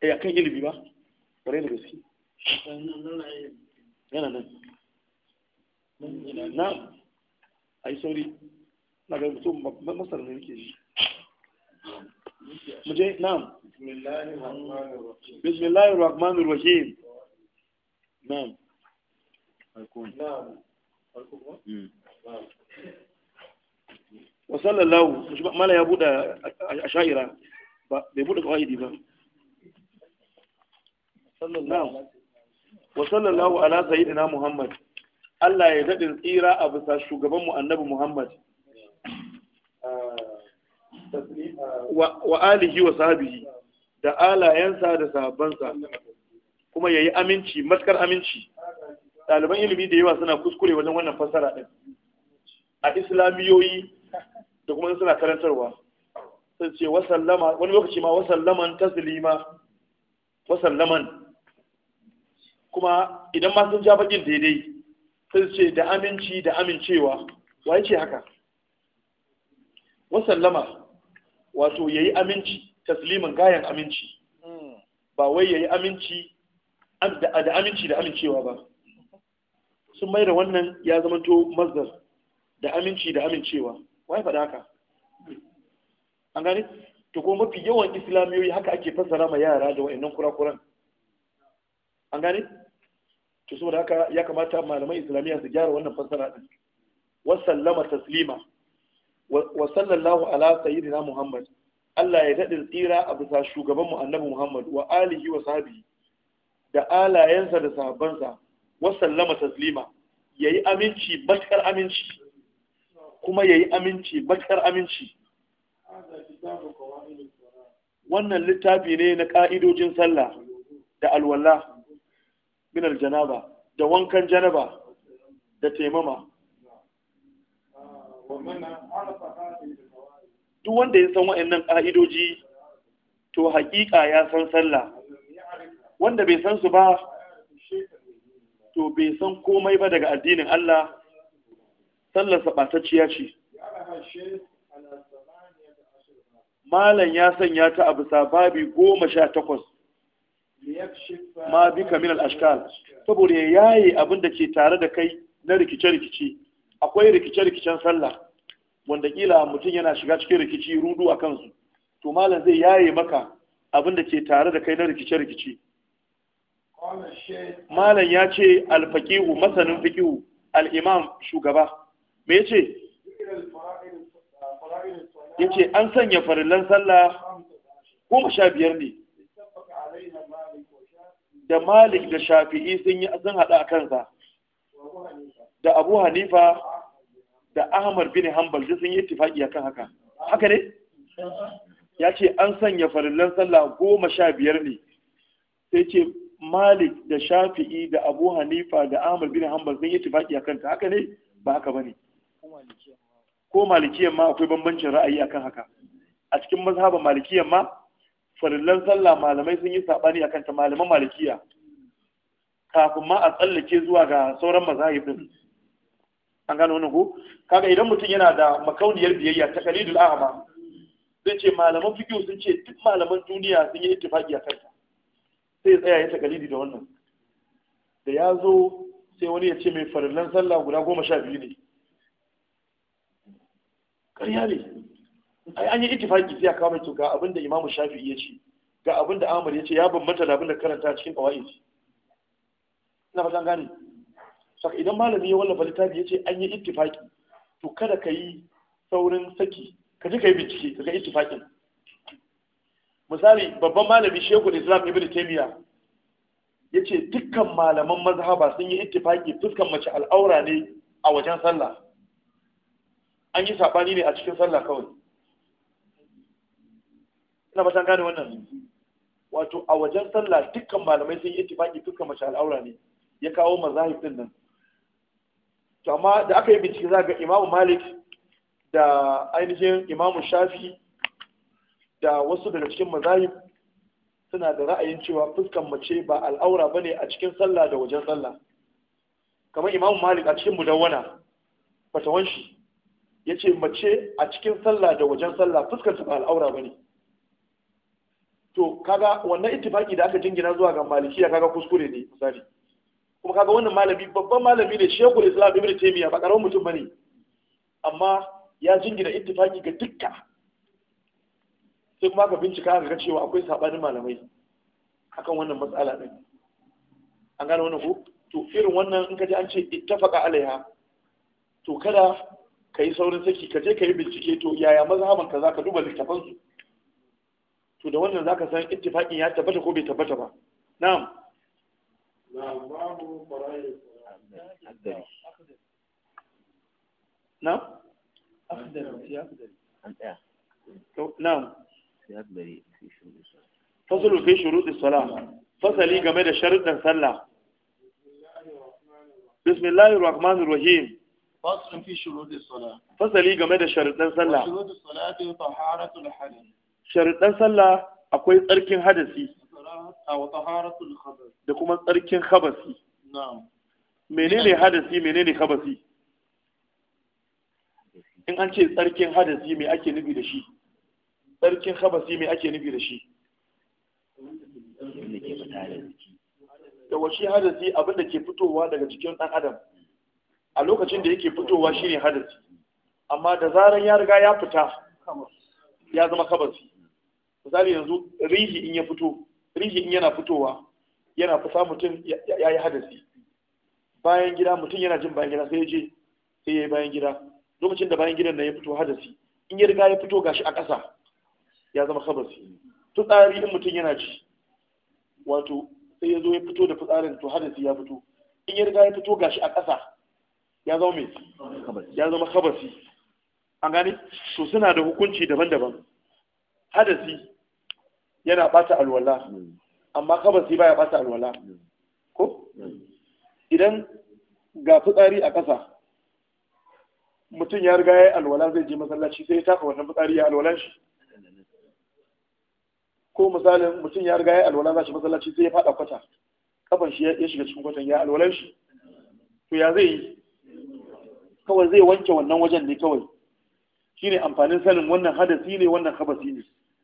A: eh akan ilimi ba kware da gaske yana nan na ai sorry na ga mutum masar ne yake shi muje na'am bismillahir rahmanir rahim na'am na'am Wasallallahu. mala ya buɗe a sha'ira bai buɗe kawai ba Wasallallahu ala sayyidina muhammad Allah ya daɗin tsira a bisa mu annabi muhammad wa alihi wa sahabihi da alayensa da sahabbansa kuma ya yi aminci maskar aminci ɗaliban ilimi da yawa suna kuskure wajen wannan fassara ɗin a islamiyoyi da kuma suna karantarwa sai ce wasallama wani lokaci ma wasallaman taslima wasallaman kuma idan ma sun ja bakin daidai sai ce da aminci da amincewa wai ce haka wasallama wato yayi aminci tasliman gayan aminci ba wai yayi aminci da aminci da amincewa ba sun mai da wannan ya zama to mazdar da aminci da amincewa wai faɗa haka an gane to ko mafi yawan islamiyoyi haka ake fassara ma yara da wa'annan kurakuran an gane to saboda haka ya kamata malaman islamiyya su gyara wannan fassara din wa sallama taslima wa sallallahu ala sayyidina muhammad Allah ya daɗin tsira a bisa shugaban mu annabi muhammad wa alihi wa sahbihi da alayensa da sahabbansa wa sallama taslima yayi aminci matkar aminci kuma ya yi aminci bakar aminci wannan littafi ne na ƙa'idojin sallah da alwala minar janaba da wankan janaba da taimama duk wanda ya san nan ƙa'idoji to haƙiƙa ya san sallah wanda bai san su ba to bai san komai ba daga addinin Allah sallarsa ɓatacciya ce malam ya sanya ta a bisa babi goma sha takwas ma bi kamil saboda ya yaye abin da ke tare da kai na rikice-rikice akwai rikice-rikicen sallah wanda kila mutum yana shiga cikin rikici rudu a kansu to malam zai yaye maka abin da ke tare da kai na rikice-rikice malam ya ce alfaƙihu masanin fiqihu al shugaba me yace yace an sanya farillan sallah goma sha biyar ne da malik da shafi'i sun yi sun haɗa a kansa da abu hanifa da ahmad bin hanbal duk sun yi tufaƙi akan haka haka ne ya ce an sanya farillan sallah goma sha biyar ne sai ce malik da shafi'i da abu hanifa da ahmad bin hanbal sun yi tufaƙi akan ta haka ne ba haka ba ne ko malikiyan ma akwai bambancin ra'ayi akan haka a cikin mazhaban malikiyan ma farillan sallah malamai sun yi sabani akan ta malaman malikiya kafin ma a tsallake zuwa ga sauran mazahibin an gano wani ko kaga idan mutum yana da makauniyar biyayya ta kalidul a'ma zai ce malaman fiqh sun ce duk malaman duniya sun yi ittifaqi a kanta. sai tsaya ya takalidi da wannan da ya zo sai wani ya ce mai farillan sallah guda goma sha biyu ne ƙarya ne ai an yi ittifaqi sai aka mai to ga abinda Imam Shafi'i iya ce ga abinda Ahmad ya ce ya bambanta da abinda karanta cikin qawaid ina fatan gane saka idan malami ya wallafa littafi ya ce an yi ittifaqi to kada ka yi saurin saki ka ji ka yi bincike ka ga ittifaqin misali babban malami Sheikhul Islam Ibn Taymiyyah ya ce dukkan malaman mazhaba sun yi ittifaqi fuskan mace al'aura ne a wajen sallah an yi saɓani ne a cikin sallah kawai ina ba san gane wannan wato a wajen sallah dukkan malamai sun yi ittifaki dukkan mace al'aura ne ya kawo mazahib din nan to amma da aka yi bincike za ga imamu malik da ainihin imamu shafi da wasu daga cikin mazahib suna da ra'ayin cewa fuskan mace ba al'aura bane a cikin sallah da wajen sallah kamar imamu malik a cikin mudawwana fatawan shi ya ce mace a cikin sallah da wajen sallah fuskar ba al'aura ba ne to kaga wannan ittifaki da aka jingina zuwa ga ya kaga kuskure ne misali kuma kaga wannan malami babban malami ne shekul islam ibn taymiya ba karamin mutum bane amma ya jingina ittifaki ga dukka sai kuma ka bincika ka ga cewa akwai sabanin malamai akan wannan matsala din an gane wannan ko to irin wannan in ka ji an ce ittafaqa alaiha to kada ka yi saurin saki ka je ka yi bincike to yaya mazhaban ka ka duba littafan su to da wannan zaka san ittifaqin ya tabbata ko bai tabbata ba na'am na'am na'am fasalu fi shuruɗi sala fasali game da sharuɗin sallah bismillahir rahmanir rahim fi fasali game da sharuɗan sallah shurutis salati taharatul sallah akwai tsarkin hadasi da kuma tsarkin khabasi na'am menene hadasi menene khabasi in an ce tsarkin hadasi me ake nufi da shi tsarkin habasi me ake nufi da shi da washe hadasi abin da ke fitowa daga cikin ɗan adam a lokacin da yake fitowa shine hadasi amma da zarar ya riga ya fita ya zama kabasi misali yanzu rihi in ya fito rihi in yana fitowa yana fusa mutum ya yi hadasi bayan gida mutum yana jin bayan gida sai ya je sai ya yi bayan gida lokacin da bayan gidan nan ya fito hadasi in ya riga ya fito gashi a ƙasa ya zama kabasi fitsari in mutum yana ci wato sai ya zo ya fito da fitsarin to hadasi ya fito in ya riga ya fito gashi a ƙasa ya zama mai ya zama kabasi an gane to suna da hukunci daban-daban hadasi yana bata alwala amma kabasi baya bata alwala ko idan ga fitsari a ƙasa mutum ya riga ya yi alwala zai je masallaci sai ya taka wannan fitsari ya alwalan shi ko misalin mutum ya riga ya yi alwala za shi masallaci sai ya faɗa kwata kafan shi ya shiga cikin kwatan ya alwalan shi ko ya zai yi kawai zai wanke wannan wajen ne kawai Shi ne amfanin sanin wannan hadasi ne wannan habasi ne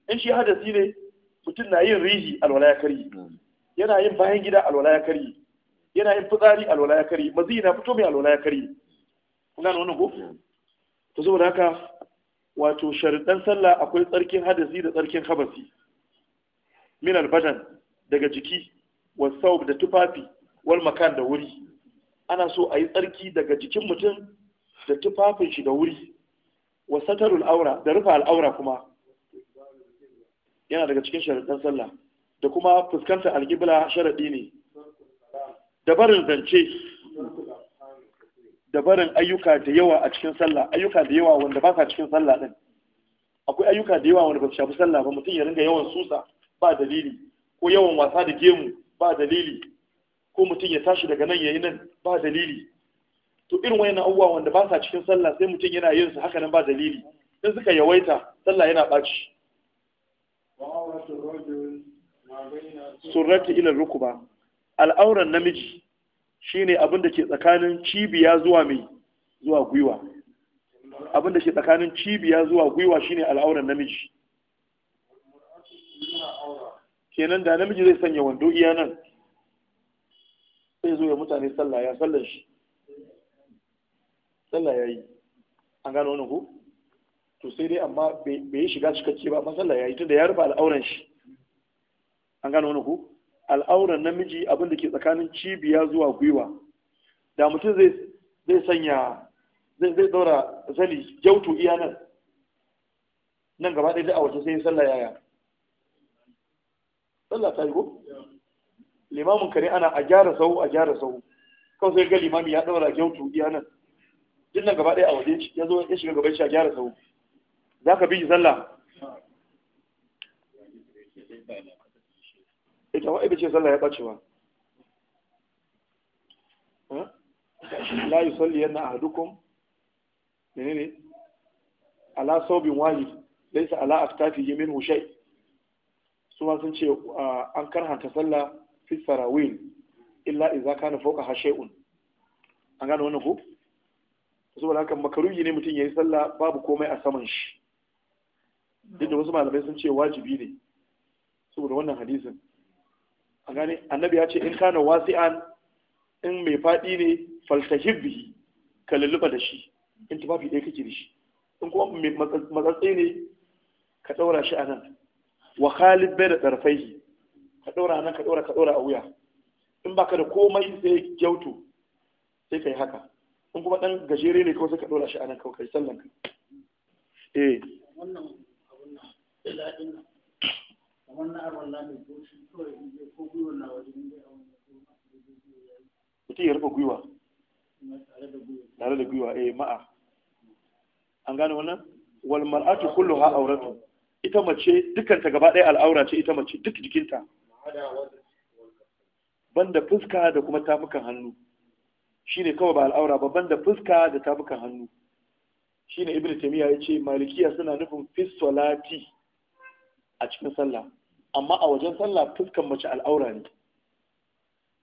A: in shi hadasi ne mutum na yin rihi alwala ya karyi yana yin bayan gida alwala ya karyi yana yin fitsari alwala ya karyi mazi na fito mai alwala ya karyi kun gane wannan ko to saboda haka wato sharaɗan sallah akwai tsarkin hadasi da tsarkin habasi min albadan daga jiki wasau da tufafi wal makan da wuri ana so a yi tsarki daga jikin mutum da tufafin shi da wuri wa satarul aura da rufe al'aura kuma yana daga cikin sharaɗin sallah da kuma fuskantar alƙibla sharaɗi ne da barin zance da barin ayyuka da yawa a cikin sallah ayyuka da yawa wanda ba sa cikin sallah ɗin akwai ayyuka da yawa wanda ba su shafi sallah ba mutum ya ringa yawan susa ba dalili ko yawan wasa da gemu ba dalili ko mutum ya tashi daga nan yayi nan ba dalili to irin wayannan abubuwa wanda ba sa cikin sallah sai mutum yana yin su haka nan ba dalili in suka yawaita sallah yana ɓaci surrati ila rukuba al'auran namiji shine abin da ke tsakanin cibiya zuwa mai zuwa gwiwa abin da ke tsakanin cibiya zuwa gwiwa shine al'auran namiji kenan da namiji zai sanya wando iya nan sai zo ya mutane sallah ya sallar shi sallah yi. an gano wani ku to sai dai amma bai shiga cikakke ba amma sallah yi tunda ya rufe al'auran shi an gano wani ku al'auran namiji abin da ke tsakanin cibiya zuwa gwiwa da mutum zai sanya zai zai daura zali jautu iya nan nan gaba ɗaya a waje sai sallah yaya sallah ta yi ko limamin kare ana a gyara sau a gyara sau kawai sai ga limami ya daura jautu iya nan duk gaba ɗaya a waje ya zo ya shiga gaban shi a gyara sau za ka bi sallah ita wa'ibi ce sallah ya ɓace ba la yi salli yana a dukkan ne ne ala saubin wahi laisa ala aftafi yamin hushai su ma sun ce an karhanta sallah fi sarawin illa iza kana fauka hashe'un an gane wannan ku saboda haka makaruhi ne mutum ya yi sallah babu komai a saman shi duk da wasu malamai sun ce wajibi ne saboda wannan hadisin a gane annabi ya ce in kana wasi'an in mai faɗi ne falsahib bihi ka lulluba da shi in tufafi ɗaya kake da shi in kuma matsatsi ne ka ɗaura shi a nan wa khalid bai da ɗarfai ka ɗaura nan ka ɗaura ka ɗaura a wuya in baka da komai sai gyautu sai ka yi haka in kuma dan gajere ne kawai suka dora shi a nan kawai sallan ka eh wannan abun nan ila din nan wannan abun nan ne ko shi kawai in ko gwiwa na waje in je a wannan mutum ya rufe gwiwa tare da gwiwa eh ma'a an gane wannan wal mar'atu kulluha auratu ita mace dukkanta gaba ɗaya al'aura ce ita mace duk jikinta banda fuska da kuma tafukan hannu Shi ne kawai ba al'aura babban da fuska da tafukan hannu Shi ne Ibn tamiya ya ce malikiya suna nufin fisolati a cikin sallah amma a wajen sallah fuskan mace al'aura ne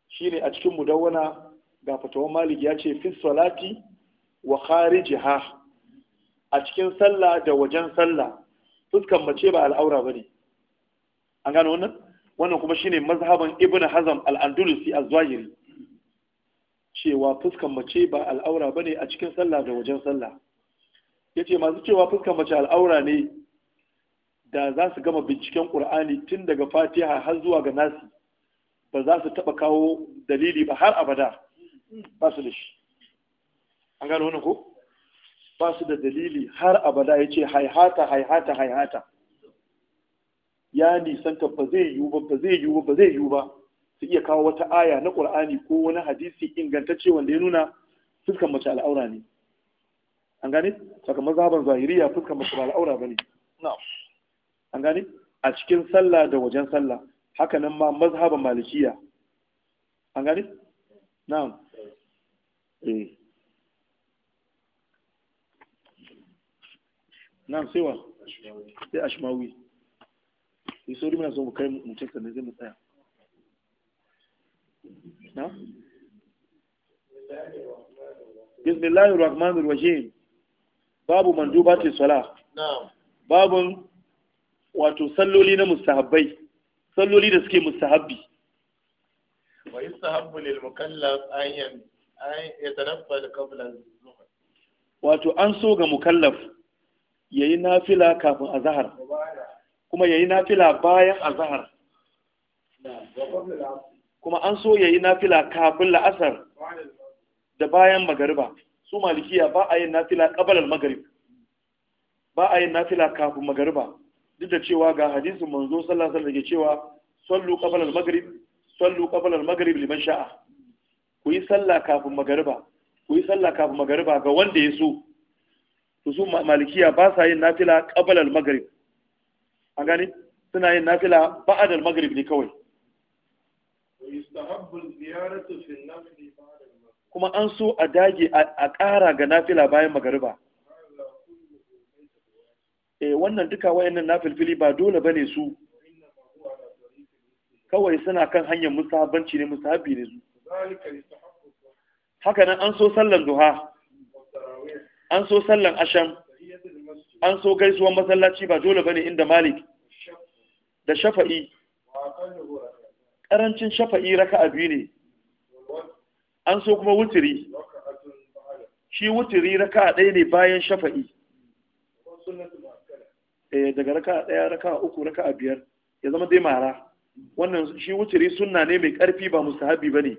A: Shi ne a cikin mudawana ga fatawan malik ya ce fisolati wa wa kharijiha a cikin sallah da wajen sallah fuskan mace ba al'aura ne an gano wannan wannan kuma shi ne mazhaban ibn hazam al-andalusi az-zahiri al-andalusi az-zahiri cewa fuskan mace ba al'aura bane a cikin sallah da wajen sallah yace masu cewa fuskan mace al'aura ne da za su gama binciken qur'ani tun daga fatiha har zuwa ga nasi ba za su taba kawo dalili ba har abada ba su da shi an gano wannan ko ba su da dalili har abada yace haihata haihata haihata ya ka ba zai yiwu ba ba zai yiwu ba ba zai yiwu ba su iya kawo wata aya na ƙul'ani ko wani hadisi ingantacce wanda ya nuna fuskan mace al'aura ne an gane saka mazhaban zahiriya fuskan mace al'aura ba ne an gane a cikin sallah da wajen sallah haka nan ma mazhaban malikiya an gane na'am na, eh. na'am sai wa sai ashmawi sai sauri muna zo mu kai mutum sannan zai mu tsaya na bismillahir rahmanir rahim babu mandubatis salah na'am babun wato salloli na mustahabbai salloli da suke mustahabbi wa yustahabbu lil ان an yatanaffal qabla az-zuhr wato an so ga mukallaf yayi nafila kafin azhar kuma yayi nafila bayan azhar kuma an so ya yi nafila kafin la'asar da bayan magariba su malikiya ba a yi nafila qabala maghrib ba a yi nafila kafin magariba duk da cewa ga hadisin manzo sallallahu alaihi da ke cewa sallu qabala al sallu qabala al-maghrib liman sha'a ku yi salla kafin magariba ku yi salla kafin magariba ga wanda ya so to su malikiya ba sa yin nafila qabala al A gani suna yin nafila ba'adar al ne kawai kuma an so a dage a ƙara ga nafila bayan magariba eh wannan duka wayannan nafilfili ba dole bane su kawai suna kan hanyar musabanci ne musahabi ne su haka nan an so sallan duha an so sallan asham an so gaisuwan masallaci ba dole bane inda malik da shafa'i ƙarancin shafa'i raka'a biyu ne an so kuma wutiri shi wutiri raka'a ɗaya ne bayan shafa'i eh daga raka'a ɗaya raka'a uku raka'a biyar ya zama dai mara wannan shi wutiri sunna ne mai ƙarfi ba mustahabi bane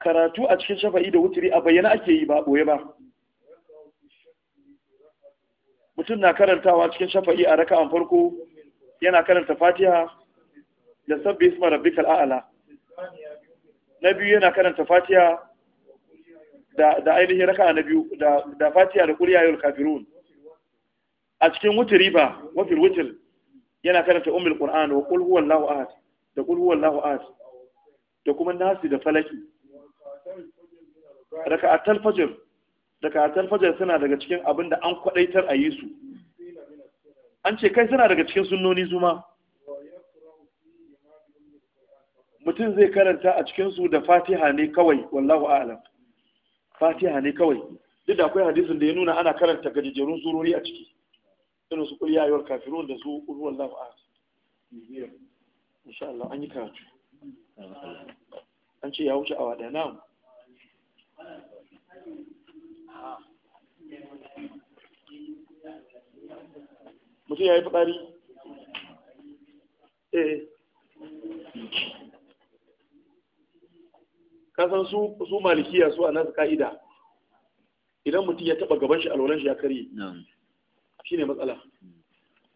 A: karatu a cikin shafa'i da wutiri a bayyana ake yi ba ɓoye ba mutum na karantawa cikin shafa'i a raka'an farko yana karanta fatiha da sabbi isma rabbikal a'la na biyu yana karanta fatiha da da ainihin raka'a na biyu da da fatiha da qul ya kafirun a cikin wutri ba wa fil yana karanta ummul qur'an wa qul huwallahu ahad da qul huwallahu ahad da kuma nasi da falaki raka'atul fajr raka'atul fajr suna daga cikin abinda an kwadaitar a yi su an ce kai suna daga cikin sunnoni su ma mutum zai karanta a cikinsu da fatiha ne kawai wallahu a'lam fatiha ne kawai duk da akwai hadisin da ya nuna ana karanta gajejerun surori a ciki irin su kulli ayyuhal kafirun da su qul wallahu a'lam insha Allah an yi karatu an ce ya wuce awa da na'am mutum ya yi fitsari eh kasan su malikiya su a nasu ka'ida idan mutum ya taba gaban shi alwalan shi ya karye shine matsala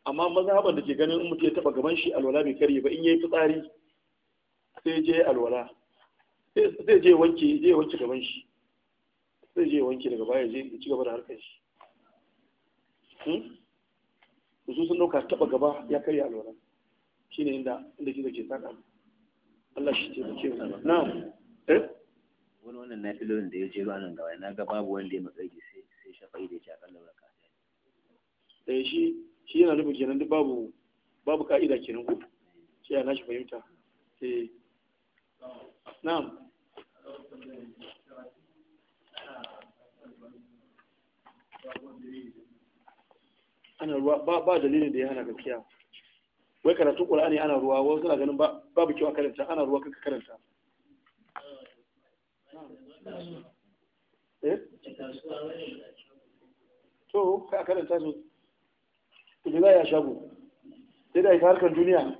A: amma mazaban da ke ganin in mutum ya taba gaban shi alwala mai karye ba in yi fitsari sai je alwala sai je wanke je wanke gaban shi sai je wanke daga baya je ci gaba da harkar shi hmm? su sun dauka taba gaba ya karya shi ne inda inda gizo ke tsaka Allah shi ce da ke na wani wannan na filolin da ya ce a nan gaba na ga babu wanda ya matsayi sai sai shafa'i da ya a kallon raka eh shi shi yana nufin kenan duk babu babu ka'ida kenan ko shi ya nashi fahimta eh na'am Thank you. ana ruwa ba dalilin da ya hana gaskiya wai karatun qur'ani ana ruwa wasu suna ganin babu kyau a karanta ana ruwa kanka karanta eh to ka karanta su idan za a shago sai da ita harkar duniya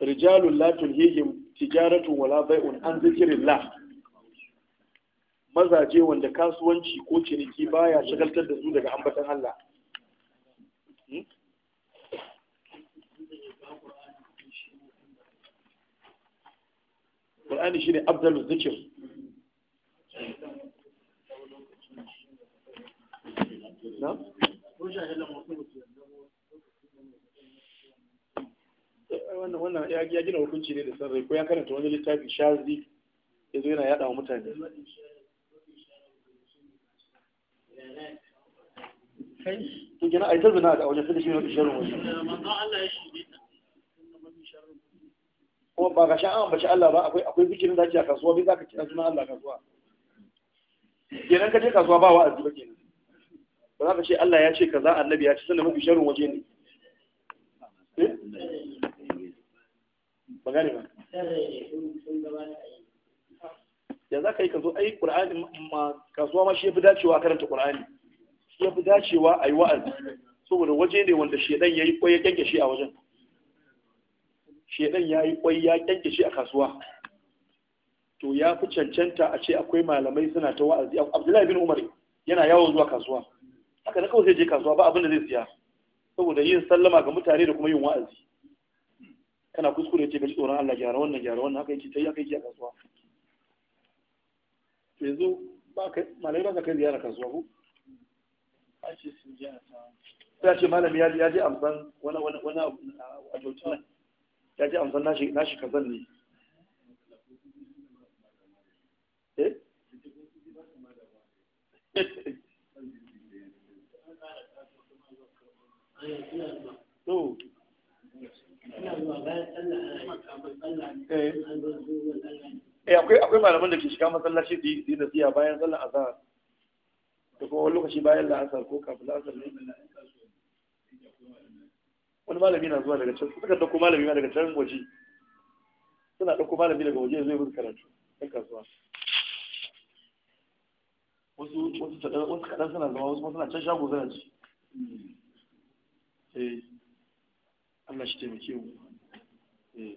A: rijalun la tulhihim tijaratun wala bai'un an zikirillah mazaje wanda kasuwanci ko ciniki baya shagaltar da su daga ambatan Allah hmm? Qur'ani shine ne zikr na wannan ya gina hukunci ne da sarrai ko ya karanta wani littafi shazi ya zo yana yada wa mutane kai to gina ai tazuna da wajen sai shi ne sharrin wasu eh, manzo Allah ya shige ta kuma ba ga an bace Allah ba akwai akwai zikirin da ake a kasuwa bai zaka kira sunan Allah kasuwa kenan ka je kasuwa ba wa'azi ba kenan ba za ka ce Allah ya ce kaza annabi ya ce sannan mafi sharrin waje ne eh? ba gane ba eh, ya za ka yi ka zo ai ƙur'ani kasuwa ma shi yafi fi dacewa karanta ƙur'ani shi fi dacewa a yi wa'azi saboda waje ne wanda shedan ya yi ƙwai ya kyanke shi a wajen shedan ya yi ƙwai ya kyanke shi a kasuwa to ya fi cancanta a ce akwai malamai suna ta wa'azi abdullahi bin umar yana yawon zuwa kasuwa haka na kawai zai je kasuwa ba abin da zai siya saboda yin sallama ga mutane da kuma yin wa'azi kana kuskure ce ga tsoron Allah gyara wannan gyara wannan haka yake tayi haka yake a kasuwa to yanzu malai ba ka kai ziyara kasuwa ko ya ce malami ya je amsan wani wani a kyautar ya je amsan nashi nashi kazan ne eh to
B: ina zuwa bayan sallah ana
A: yi eh akwai akwai malaman da ke shiga masallaci da yi nasiha bayan sallar azhar da kuma wani lokaci bayan la'asar ko kafin la'asar ne wani malami na zuwa daga can suka dauko malami ma daga can waje suna dauko malami daga waje zai musu karatu ɗan kasuwa wasu wasu kaɗan suna zama wasu suna can shago suna ci eh Allah shi taimake mu eh